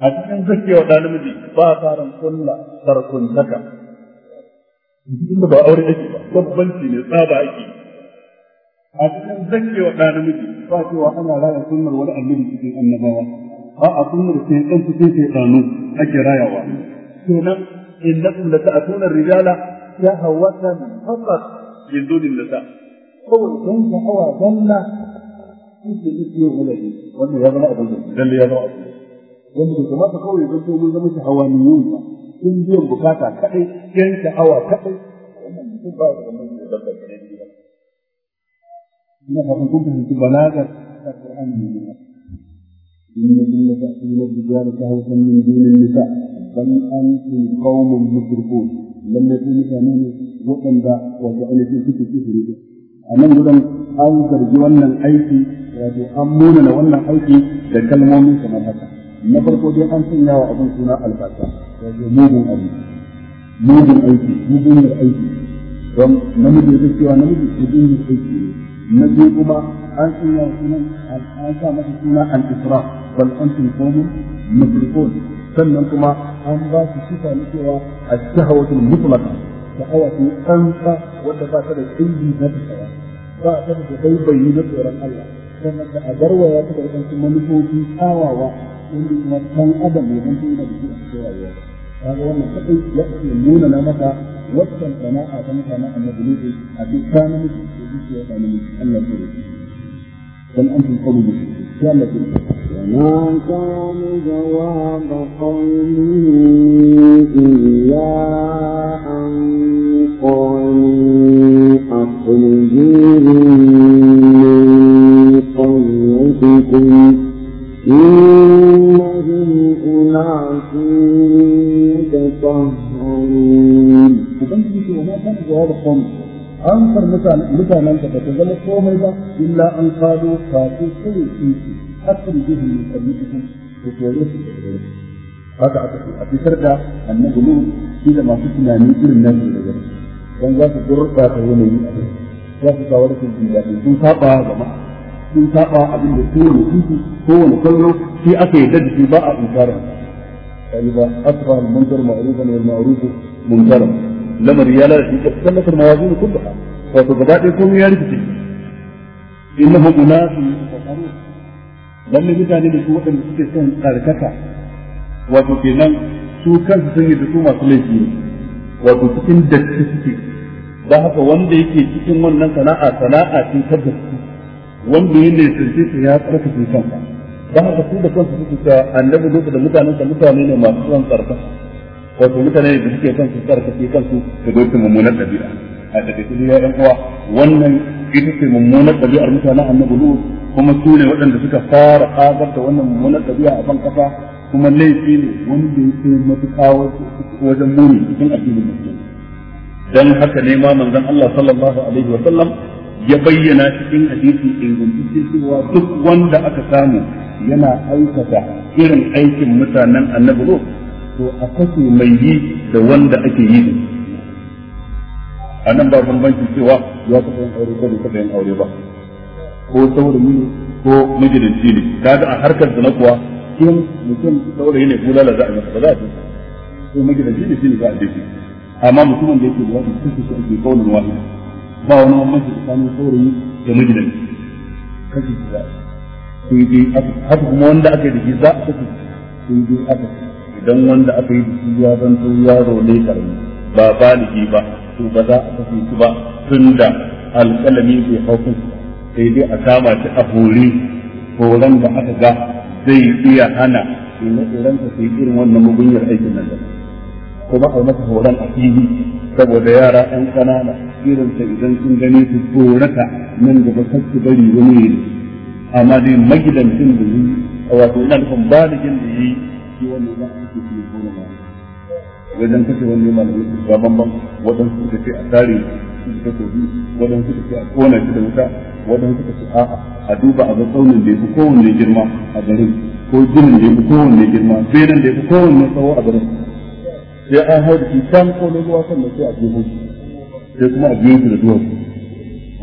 a cikin wa dan namiji ba tsaron kulla sarkun din da ba aure ake ba babbanci ne tsaba ake a cikin wa dan namiji ba cewa ana raya sunnar wani annabi cikin annabawa a a sunnar sai kan cikin sai ake rayawa kenan innakum a ar-rijala شهوه فقط من دون النساء هو الجنس هو جنه مثل الشيوخ الذي واللي يبنى ابو جنه اللي يبنى ابو جنه كما تقول يقول من زمن الحوانيون ان دون بكاتا كاي جنس هو كاي ومن يتبع من يتبع من يتبع من يتبع من يتبع من إن الذين تأتون الرجال شهوة من دون النساء بل أنتم قوم مشركون lalle su mutane ne waɗanda wato ainihin suke kifiri din a nan gudan an zargi wannan aiki wato an munana wannan aiki da kalmomin kamar haka na farko dai an sanya wa abin suna albarka. wato mugun abu mugun aiki mugun aiki don namiji ya cewa namiji mugun aiki ne na biyu kuma an sanya sunan an sa masa suna al-isra bal antum qawmun musrifun sannan kuma an ba su sifa na cewa ash-shahwatul mutlaqa sha'awa ce tsantsa wanda ba ta da tsingi na tsaya ba ta da baibayi na tsoron Allah sannan da agarwa ya ta da wasu manufofi tsawawa wanda kuma dan adam ne don tunda da shi a cikin rayuwa kaga wannan kadai ya ce nuna na maka wannan sana'a ta mutanen annabi ne a duk kana miji da zuciya ta miji Allah ya rubuta dan an tun kawo miji وما كان جواب قومه إلا أن قالوا أخرجوهم من قريتكم إنهم أناس يتطهرون. وما كان جواب قومه amsar mutanen ka ta zama komai ba illa an kado kafin irin kinki hakan jihin ne kan mutum da tsoro su da tsoro haka aka ce a fitar da annabi lu shi da masu tunani irin nan da gari dan za su gurɓa ta yanayi a kai za su kawo rashin jin daɗi sun saba jama'a sun saba abin da kowane kinki kowane kallo shi aka yi dadi ba a inkarin ba asra al-munkar ma'rufan wal ma'ruf munkaran lamari ya lalace ka tallafar mawazin kullaha wato gaba ɗaya komai ya rikice innahu unasun yatafakarun lalle mutane da su waɗanda suke son karkata wato kenan su kansu sun yi da su masu laifi ne wato cikin datti suke da haka wanda yake cikin wannan sana'a sana'a cikin ta wanda wanda ya nesance su ya tsarkake kanka Ba haka su da kansu suke cewa annabi lokacin da mutanensa mutane ne masu son karkata wato mutane da suke kan su tsara kake kansu da gaisu mummunan ɗabi'a a da kai ya ɗan uwa wannan ita ce mummunan ɗabi'ar mutanen annabi lut kuma su ne waɗanda suka fara tsagar da wannan mummunan ɗabi'a a ban ƙasa kuma laifi ne wanda ya ce matuƙa wajen muni cikin addinin musulmi dan haka ne ma manzon Allah sallallahu alaihi wa sallam ya bayyana cikin hadisi ingantacce cewa duk wanda aka samu yana aikata irin aikin mutanen annabi lut to a kashe mai yi da wanda ake yi da a nan ba bambanci cewa ya taɓa yin aure ko bai taɓa yin aure ba ko saboda saurayi ko majalanci ne kaga a harkar da na kuwa in mutum saurayi ne kula da za'a masa ba za a tuka ko majalanci ne shi ne za a dace amma mutumin da yake da wani kusa shi ake kaunin wani ba wani bambanci tsakanin saurayi da majalanci kashe shi za a sai dai haka kuma wanda aka yi da shi za a kashe sai dai aka kashe Idan wanda aka yi biki ya zanto yaro ne karami ba baligi ba to ba za a kashe shi ba da alƙalami bai haukun sai dai a kama shi a hori horon da aka ga zai iya hana na tsoron ta sai irin wannan mugunyar aikin nan da kuma a masa horon a fili saboda yara ɗan ƙanana irin ta idan sun gani su tsorata nan gaba kar su bari wani amma dai magidancin da yi wato ina nufin baligin da yi shi wannan za ma kashe shi ba na wajen kashe wani su ga bambam ce a tare su ta kofi waɗansu su ce a kona shi da wuta waɗansu suka ce a a duba a ga tsaunin da ya fi kowanne girma a garin ko jirin da ya fi kowanne girma benin da ya fi kowanne tsawo a garin sai an hau da shi can kololuwa kan da sai a jefo shi sai kuma a biyo da duwatsu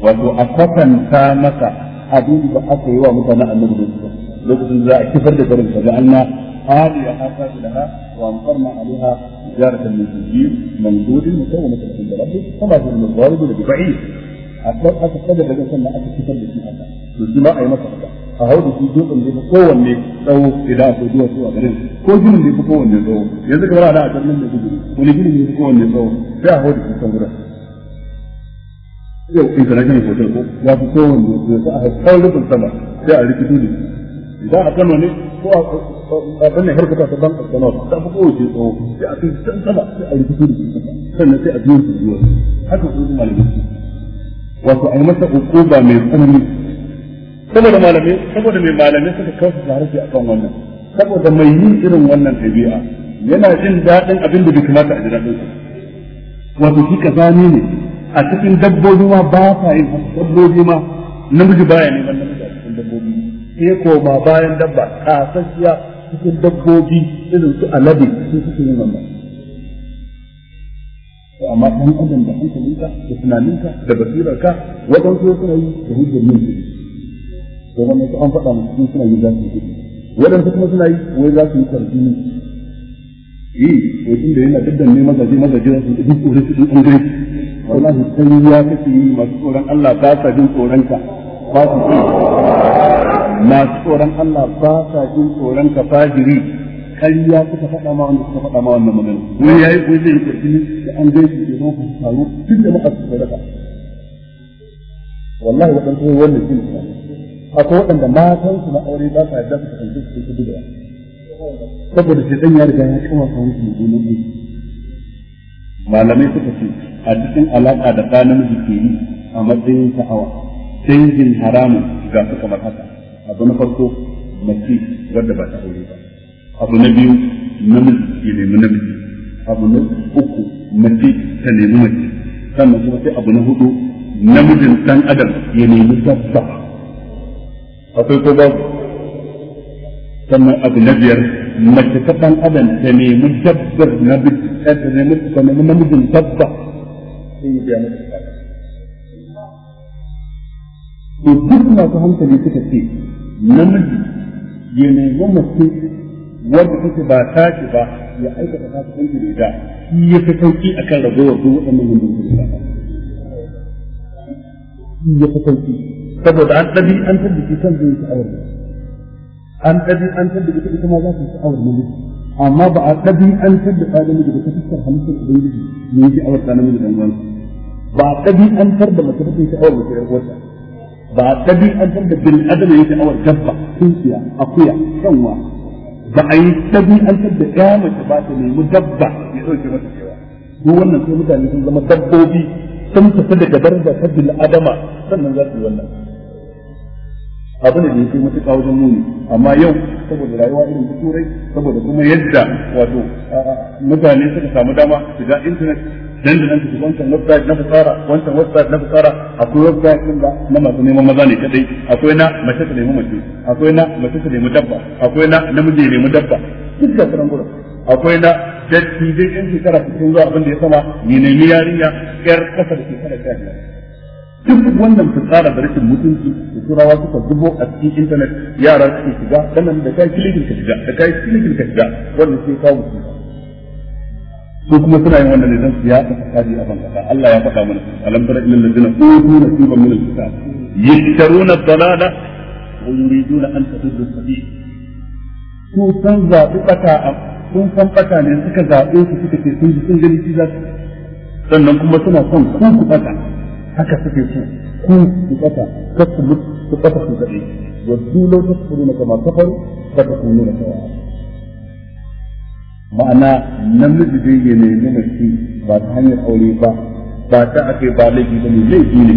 wato a kwatanta maka abin da aka yi wa mutane annabi lokacin da za a kifar da garin ka ga na. عاليها سافلها وامطرنا عليها حجاره من سجيل منضود مكونه عند فما ظن الظالم ببعيد aka kada daga sannan aka fitar da shi haka to shi ma a yi masa haka a hau da shi dutsen da ya kowanne tsawo idan akwai duwa su a garin ko ginin da ya kowanne tsawo yanzu kamar ana a nan da gudu wani ginin da kowanne tsawo sai a hau da shi kan gudan yau international hotel ko ya fi kowanne tsawo a hau rufin sama da a kano ne abin da harkata ta ban abu nawa ta fi kowace tsawo sai a kai can sama sai a rubutu da shi sannan sai a biyo su biyo haka su su malamai su wato a yi masa hukuma mai tsanani saboda malamai saboda mai malamai suka kawo su harshe a kan wannan saboda mai yi irin wannan ɗabi'a yana jin daɗin abin da bai kamata a ji daɗin sa wato shi kazani ne a cikin dabbobi ma ba sa yin dabbobi ma namiji baya neman namiji a cikin dabbobi sai koma bayan dabba kasashiya cikin dabbobi irin su alade sun suke yin wannan to amma dan adam da hankalinka da tunaninka da basirarka waɗansu suna yi da hujjar yin kuɗi domin su an faɗa musu suna yi za su yi kuɗi waɗansu kuma suna yi wai za su yi tarjini yi eh, to tun da yana daddan ne mazaje mazaje wasu su yi duk wani su ɗin gari wallahi sai ya kace masu tsoron Allah ba sa jin tsoronka ba su masu tsoron Allah ba sa jin tsoron ka fajiri ƙarya suka faɗa ma wanda suka faɗa ma wannan magana wani yayi ko zai yi ne da an gaishe da zo ku faru tun da muka tsoro daga wallahi wadansu wannan jin akwai waɗanda matan su na aure ba sa yarda su kasance su cikin gida saboda sai dan ya riga ya kama kan su ne ne malamai suka ce a cikin alaka da ɗan namiji a matsayin sai jin haramun ga suka kamar abu na farko mace wadda ba ta aure ba abu na biyu namiji ya nemi namiji abu na uku mace ta nemi mace sannan kuma sai abu na hudu namijin dan adam ya nemi dabba akwai ko babu sannan abu na biyar mace ta dan adam ta nemi dabbar na ta nemi ta nemi namijin dabba sai ya biya mata to duk masu hankali suka ce namiji ya nemi mace wadda take ba ta ce ba ya aikata ta ta kanki shi ya fi sauki a kan ragowar duk waɗannan wanda suke ba shi ya fi sauki saboda an ɗabi an tabbaki kan zai yi awar an ɗabi an tabbaki ita ma za ta yi awar amma ba a ɗabi an tabbaka namiji da ta fuskar halittar ubangiji ne ya fi awar ta ba a ɗabi an tarda mace ta yi awar mace ɗan ba an san da bil adam ya ta awar dabba tunkiya akuya kanwa ba a yi san da ya mace ba ta nemi dabba ya dauke mata cewa duk wannan sai mutane sun zama dabbobi sun tafi daga darajar ta bil adama sannan za su yi wannan abu ne da yake mutu kawo wajen muni amma yau saboda rayuwa irin ta turai saboda kuma yadda wato mutane suka samu dama su ga intanet dan da nan wancan website na fusara wancan website na fusara akwai website din da na masu neman maza ne kadai akwai na mace ta nemi mace akwai na mace ta nemi dabba akwai na namiji ya nemi dabba duk da sauran gurin akwai na datti dai yan shekara cikin zuwa abin da ya sama ne nemi yarinya yar kasa da shekara ta biyar duk wannan fusara da rashin mutunci da turawa suka zubo a cikin intanet yara suke shiga danan da kai kilikin ka shiga da kai kilikin ka shiga wannan sai kawo mutunci su kuma suna yin wannan ne dan su yaɗa fasadi a banka Allah ya faɗa mana alam tara ilal ladina utu nasiban min al-kitab yashtaruna ad-dalala wa yuriduna an tadullu sabil su san zaɓi ɓata sun san ɓata ne suka zaɓe su suka ce sun ji sun gani shi za su sannan kuma suna son ku ku ɓata haka suke so ku ku ɓata kar ku mutu ku ɓata su kaɗai waddu kama kafaru fa takununa sawa'a ma'ana namiji zai ya nemi mace ba ta hanyar aure ba ba ta ake ba laifi ba ne laifi ne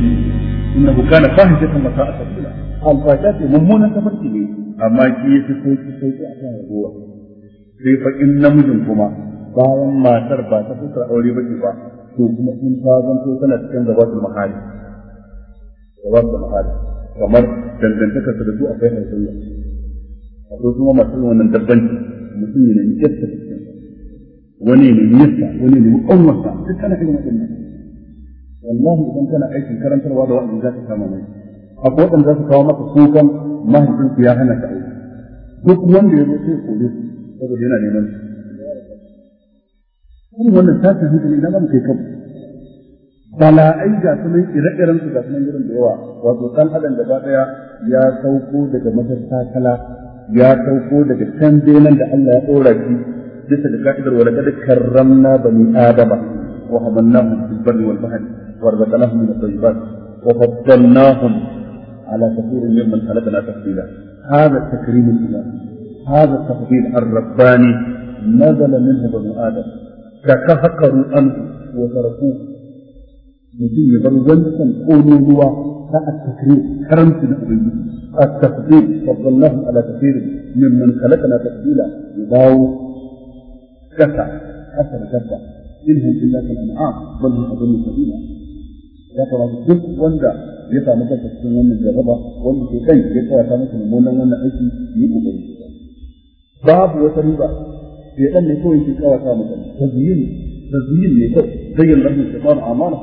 inna kana fahimta masa a sabila alfasha ce mummunan tafarki ne amma ki ya fi sauki sauki a kan rabuwa. sai fa in namijin kuma bayan matar ba ta fuskar aure ba ba to kuma in ta zanto tana cikin gabatul mahali gabatul mahali kamar dangantaka ta da su akwai hausayya akwai kuma masu wannan dabbanci mutum ne ne yadda wani ne yasta wani ne ummarsa duk kana irin waɗannan wallahi idan kana aikin karantarwa da wa'azi za ka kama mai akwai waɗanda za su kawo maka sukan mahaifinsu ya hana ka aure duk wanda ya zo sai kore su saboda yana neman su kuma wannan tashin hankali idan ba kai kabu bala'ai ga sunan ire-iren su ga sunan irin da yawa wato dan adam gaba daya ya sauko daga madarsa kala ya sauko daga can nan da Allah ya dora shi bisa ga ka'idar wala kada karramna bani adama wa hamalnahum fil barri wal bahri wa razaqnahum min at-tayyibat wa faddalnahum ala kathirin mimman khalaqna tafdila هذا التكريم الإلهي هذا التفضيل الرباني نزل منه بنو آدم تكهكروا أنه وتركوه mutum ya bar wancan ƙonin ruwa ta at-takrir karamci na ubangiji at-tafdil fadallahu ala kathirin mimman khalaqna tafdila ya dawo كفى حسن جدع إنهم إلا الانعام بل هم أظن سبيلا فترى الجد وندع يطع مثل تسكين من الجربة والمسيحين يطع مثل مولا وانا عيشي في أبي باب وتريبا في أن يكون في كوا كامله تزيين تزيين يكون زين لهم شيطان أعماله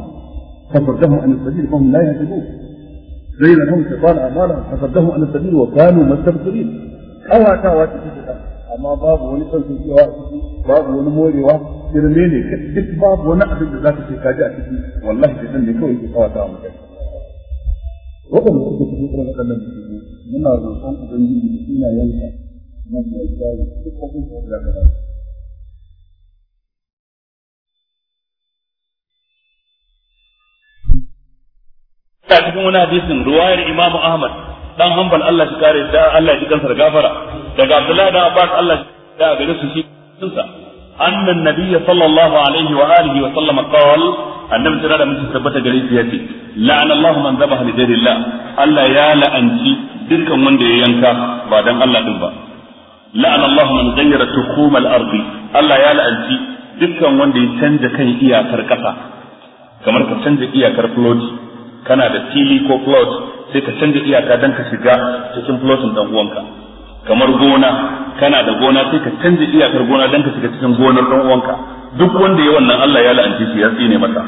فصدهم عن السبيل فهم لا يهتدون زين لهم شيطان أعماله فصدهم عن السبيل وكانوا مستبصرين أوى كوا تزيين amma babu wani sauƙin cewa a ciki babu wani morewa firme ne duk babu wani abin da za ka ce kaji a ciki wallahi da ne kawai ke kawata wa mutane waɗanda suke cikin irin waɗannan musulmi muna roƙon ubangiji da sunayensa mafi jari duk abubuwan da ya gaba. ta cikin wani hadisin ruwayar Imam Ahmad dan hanbal Allah shi kare da Allah shi kansa da gafara daga Abdullahi da Abbas Allah ya gare su shi sunsa annan nabiyyi sallallahu alaihi wa alihi wa sallam qala annabi tsira da mutum tabbata gare shi yace la'ana Allahu man zabaha li ghairillah Allah ya la'anci dukkan wanda ya yanka ba dan Allah din ba la'ana Allahu man ghayyara tukhum al-ardi Allah ya la'anci dukkan wanda ya canza kan iyakar kasa kamar ka canza iyakar plot kana da fili ko plot sai ka canza iyaka dan ka shiga cikin plotin dan uwanka kamar gona kana da gona sai ka canza iyakar gona dan ka shiga cikin gonar dan uwanka duk wanda ya wannan Allah ya la'anci shi ya tsine masa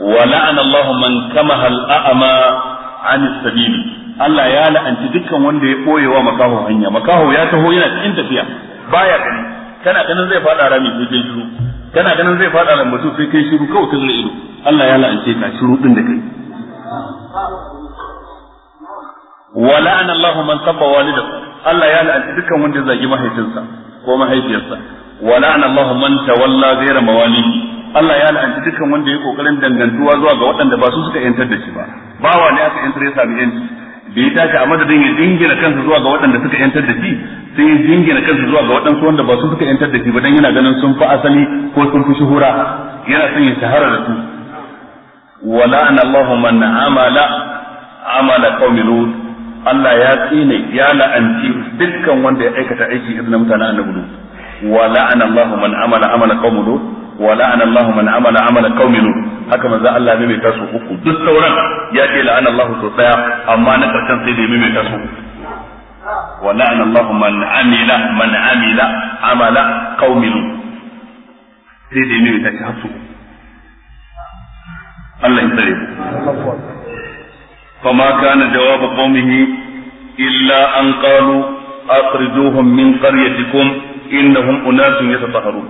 wa la'ana Allahu man kama al-a'ma an sabili Allah ya la'anci dukkan wanda ya boye makaho hanya makaho ya taho yana cikin tafiya baya gani kana ganin zai fada rami sai kai shiru kana ganin zai fada rami mutum sai kai shiru kawai ka zura ido Allah ya la'ance ka shiru din da kai wa la'ana Allahu man sabba walidahu Allah ya la'anci dukkan wanda ya zagi mahaifinsa ko mahaifiyarsa wa la'ana Allah man tawalla ghayra mawalihi Allah ya la'anci dukkan wanda ya kokarin dangantuwa zuwa ga waɗanda ba su suka yantar da shi ba bawa ne aka yantar ya sami yanci Bai ya tashi a madadin ya dingina kansa zuwa ga waɗanda suka yantar da shi sai ya dingina kansa zuwa ga waɗansu wanda ba su suka yantar da shi ba dan yana ganin sun fi asali ko sun fi shuhura yana son ya shahara da su wa la'ana Allah man amala amala qaumi lut Allah ya tsine ya la'anci dukkan wanda ya aikata aiki irin na mutanen annabi Lut wa la'ana Allah man amala amala qaum Lut wa la'ana Allah man amala amala qaum Lut haka manzo Allah ne mai taso uku duk sauran ya ce la'ana Allah so daya amma na karshen sai da mai taso wa la'ana Allah man amila man amila amala qaum Lut sai da mai taso Allah ya tsare فما كان جواب قومه إلا أن قالوا أخرجوهم من قريتكم إنهم أناس يتطهرون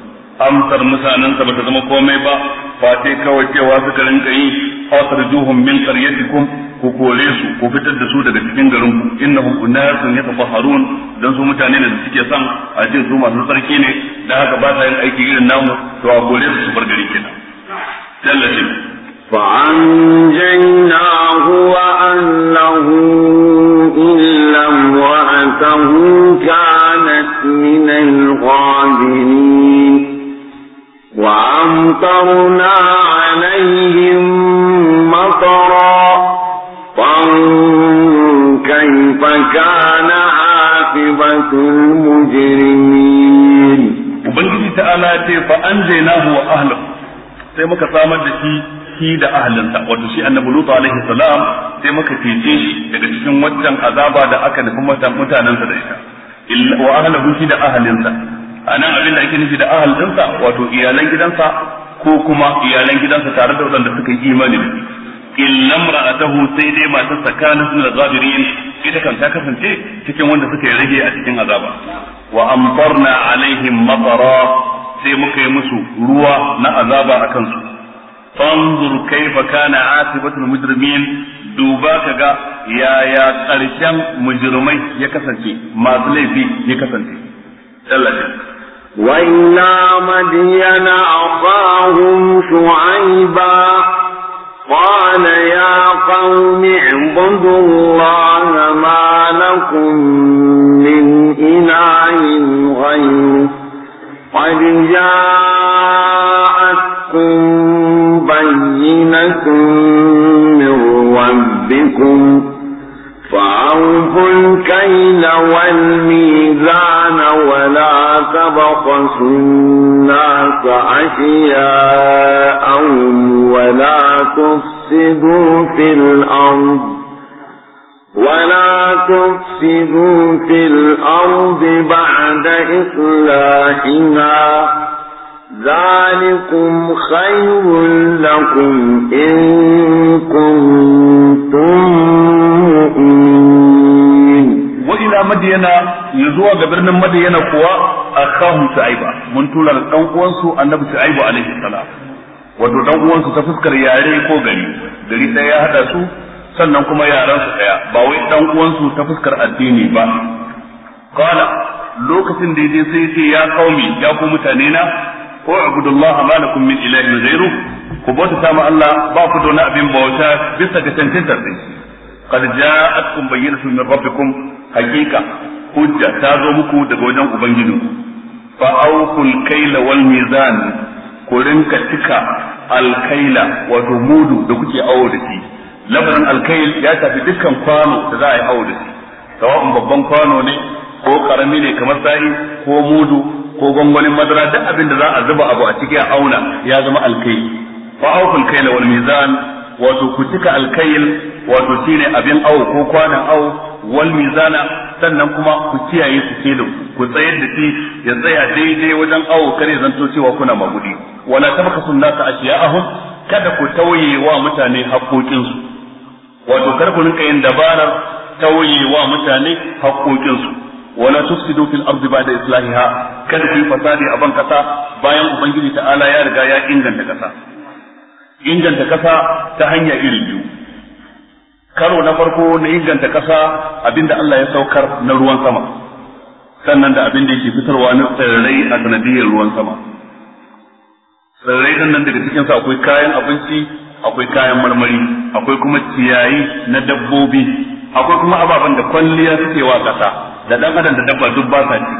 amsar mutanensa ta zama komai ba face kawai cewa suka rinka yi asrijuhum min qaryatikum ku kore su ku fitar da su daga cikin garin ku innahum unasun yatafaharun dan su mutane ne da suke son a jin su masu sarki ne da haka ba sa yin aiki irin namu to a kore su su bar gari kenan فأنجيناه وأهله إلا امرأته كانت من الغابرين وأمطرنا عليهم مطرا فانظر كيف كان عاقبة المجرمين وبنجي تعالى فأنجيناه وأهله sai muka samar da shi shi da ahalinsa wato shi annabi lutu alaihi salam sai muka fice shi daga cikin waccan azaba da aka nufi mutanensa da ita wa ahlahu shi da ahalinsa anan abin da ake nufi da ahalinsa wato iyalan gidansa ko kuma iyalan gidansa tare da waɗanda suka yi imani da illa imra'atahu sai dai matar sakana sun zabirin ita kan ta kasance cikin wanda suka yi rage a cikin azaba wa amtarna alaihim matara sai muka yi musu ruwa na azaba akan su fanzur kaifa kana asibatul mujrimin duba kaga ya karshen mujrimai ya kasance masu laifi ya kasance sallallahu وإلى مدين أخاهم شعيبا قال يا قوم اعبدوا الله ما لكم من إله غيره قد جاءت بينة من ربكم فأوفوا الكيل والميزان ولا تبخسوا الناس أشياءهم ولا تفسدوا في الأرض ولا تفسدوا في الأرض بعد إصلاحها ذلكم خير لكم إن كنتم مؤمنين وإلى مدينة يزوى قبرنا مدينة قوى أخاهم سعيبا من طول الأوقوانس النبي شعيب عليه السلام wato dan uwan su ta fuskar yare ko gari gari ɗaya ya hada su sannan kuma yaran su ɗaya ba wai dan uwan su ta fuskar addini ba qala lokacin da yaje sai ya ce ya qaumi ya ku mutane na ko abudullaha ma kun min ilahin ghairu ku bauta sama Allah ba ku da abin bauta bisa ga tantantar dai qad ja'atkum bayyinatun min rabbikum Hakika hujja ta zo muku daga wajen ubangijinku fa awful kayla wal mizan ku rinka cika alkaila wato mudu da kuke awo da shi lafazin ya tafi dukkan kwano da za a yi awo da shi sawa'un babban kwano ne ko karami ne kamar sa'i ko mudu ko gwangwanin madara duk abin da za a zuba abu a ciki a auna ya zama alkai fa aukul kayla wal mizan wato ku cika alkayl wato shine abin awo ko kwanan awo wal mizana sannan kuma ku kiyaye su da ku tsayar da shi ya tsaya daidai wajen awo kare zanto cewa kuna magudi wala tabkasu nasa ashiya'ahum kada ku tauye wa mutane su wato kar ku rinka yin dabarar tauye wa mutane su wala tufsidu fil ardi ba'da islahiha kada ku fasadi a ban kasa bayan ubangiji ta'ala ya riga ya inganta kasa inganta kasa ta hanya irin biyu karo na farko na inganta kasa abinda Allah ya saukar na ruwan sama sannan da abinda yake fitarwa na tsirrai a sanadiyar ruwan sama tsirrai nan daga cikin sa akwai kayan abinci akwai kayan marmari akwai kuma ciyayi na dabbobi akwai kuma ababen da kwalliya suke wa kasa da dan adam da dabba duk ba sa ci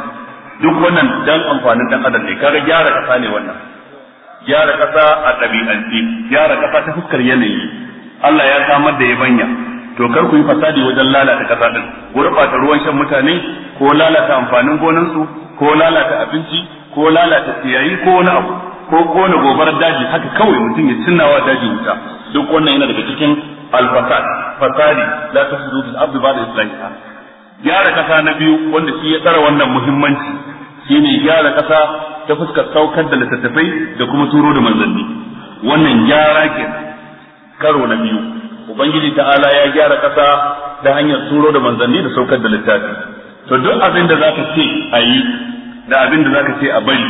duk wannan dan amfanin dan adam ne kaga gyara kasa ne wannan gyara kasa a ɗabi'ance gyara kasa ta fuskar yanayi Allah ya samar da yabanya to kar ku yi fasadi wajen lalata kasa din gurbata ruwan shan mutane ko lalata amfanin su ko lalata abinci ko lalata ciyayi ko wani abu ko kona gobarar daji haka kawai mutum ya cinnawa daji wuta duk wannan yana daga cikin al-fasad fasadi la tafsidu fil ardi ba'da islahiha gyara kasa na biyu wanda shi ya tsara wannan muhimmanci shine gyara kasa ta fuskar saukar da littattafai da kuma turo da manzanni wannan gyara ke karo na biyu ubangiji ta'ala ya gyara kasa ta hanyar turo da manzanni da saukar da littafi to duk abin da zaka ce a yi da abin da zaka ce a bari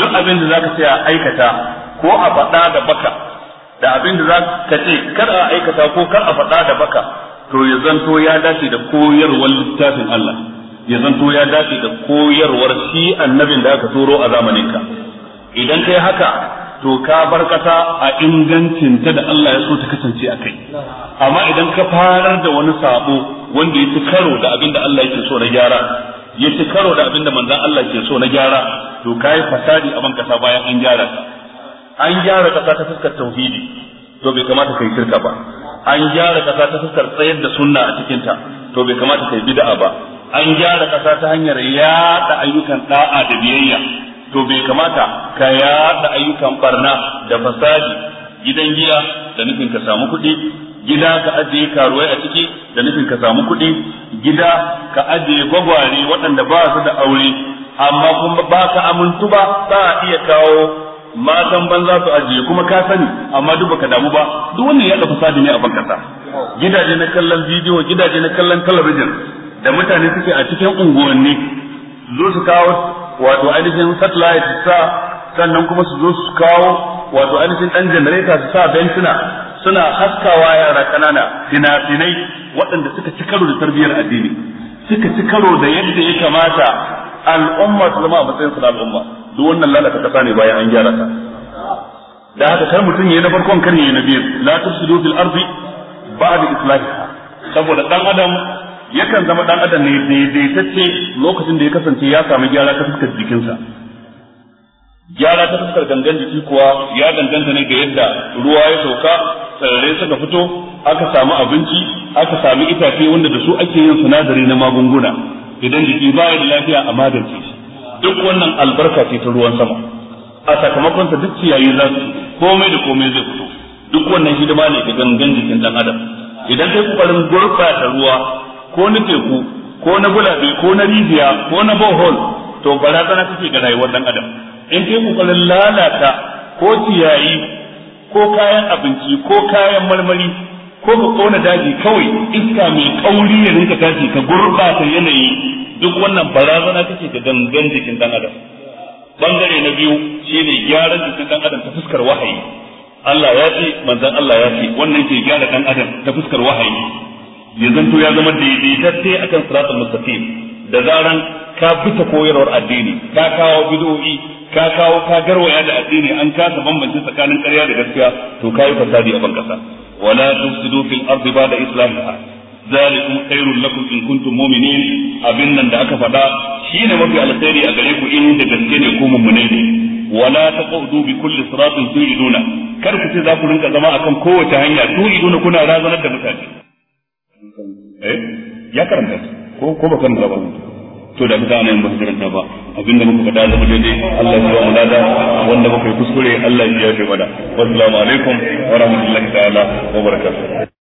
duk abin da zaka ce a aikata ko a faɗa da baka da abin da za ka ce kar a aikata ko kar a faɗa da baka to ya zanto ya dace da koyarwar littafin Allah ya zanto ya dace da koyarwar shi annabin da aka turo a zamanin ka idan kai haka to ka bar kasa a ingancin ta da Allah ya so ta kasance a kai amma idan ka farar da wani sabo wanda ya ci karo da abin da Allah yake so na gyara ya ci karo da abin da manzon Allah ke so na gyara to kai fasadi a ban kasa bayan an gyara ka an gyara kasa ta fuskar tauhidi to bai kamata kai shirka ba an gyara kasa ta fuskar tsayar da sunna a cikin ta to bai kamata kai bid'a ba an gyara kasa ta hanyar yada ayyukan da'a da biyayya to bai kamata ka yaɗa ayyukan barna da fasadi gidan giya da nufin ka samu kuɗi gida ka ajiye karuwai a ciki da nufin ka samu kuɗi gida ka ajiye gwagware waɗanda ba su da aure amma kuma ba ka amintu ba za a iya kawo ban za su ajiye kuma ka sani amma duk baka damu ba duk wannan ya dafa sadi ne a bankasa gidaje na kallon bidiyo gidaje na kallon talabijin da mutane suke a cikin unguwanni zo su kawo wato ainihin satellite sa sannan kuma su zo su kawo wato ainihin dan generator su sa bentuna suna haskawa yara kanana fina-finai waɗanda suka ci karo da tarbiyyar addini suka ci karo da yadda ya kamata al'umma su zama a matsayin su na al'umma duk wannan lalata kasa ne bayan an gyara ta da haka kar mutum yayi na farkon kar yayi na biyu la tufsidu fil ardi ba'da islahiha saboda dan adam yakan zama dan adam ne daidaitacce lokacin da ya kasance ya samu gyara ta fuskar jikinsa gyara ta fuskar gangan jiki kuwa ya danganta ne ga yadda ruwa ya sauka tsirrai suka fito aka samu abinci aka samu itace wanda da su ake yin sinadari na magunguna idan jiki baya da lafiya a magance duk wannan albarka ce ta ruwan sama a sakamakon sa duk ciyayi za su komai da komai zai fito duk wannan hidima ne ga gangan jikin dan adam idan kai kokarin gurbata ruwa ko na teku ko na gulabe ko na rijiya ko na bohol to barazana kake ga rayuwar dan adam in kai kokarin lalata ko ciyayi ko kayan abinci ko kayan marmari ko ka kona daji kawai iska mai kauri ya rinka tashi ka gurbata yanayi duk wannan barazana take ga gangan jikin dan adam bangare na biyu shine gyaran jikin dan adam ta fuskar wahayi Allah ya ce manzon Allah ya ce wannan ke gyara dan adam ta fuskar wahayi ya zanto ya zama daidaitacce akan siratul mustaqim da zaran ka fita koyarwar addini ka kawo bid'o'i ka kawo ka garwaya da addini an kasa bambance tsakanin ƙarya da gaskiya to kayi fasadi a ban kasa wala tufsidu fil ardi ba'da islahiha zalikum khairul lakum in kuntum mu'minin abin nan da aka faɗa shine mafi alkhairi a gare ku in da gaske ne ku mummune ne wala taqudu bi kulli siratin tu'iduna kar ku ce za ku rinka zama akan kowace hanya tu'iduna kuna razanar da mutane eh ya karanta ko ko bakan da ba to da muka ana yin ba karanta ba da muka faɗa zama daidai Allah ya ba mu lada wanda muka yi kuskure Allah ya ji ya fi mana wassalamu alaikum wa rahmatullahi ta'ala wa barakatuh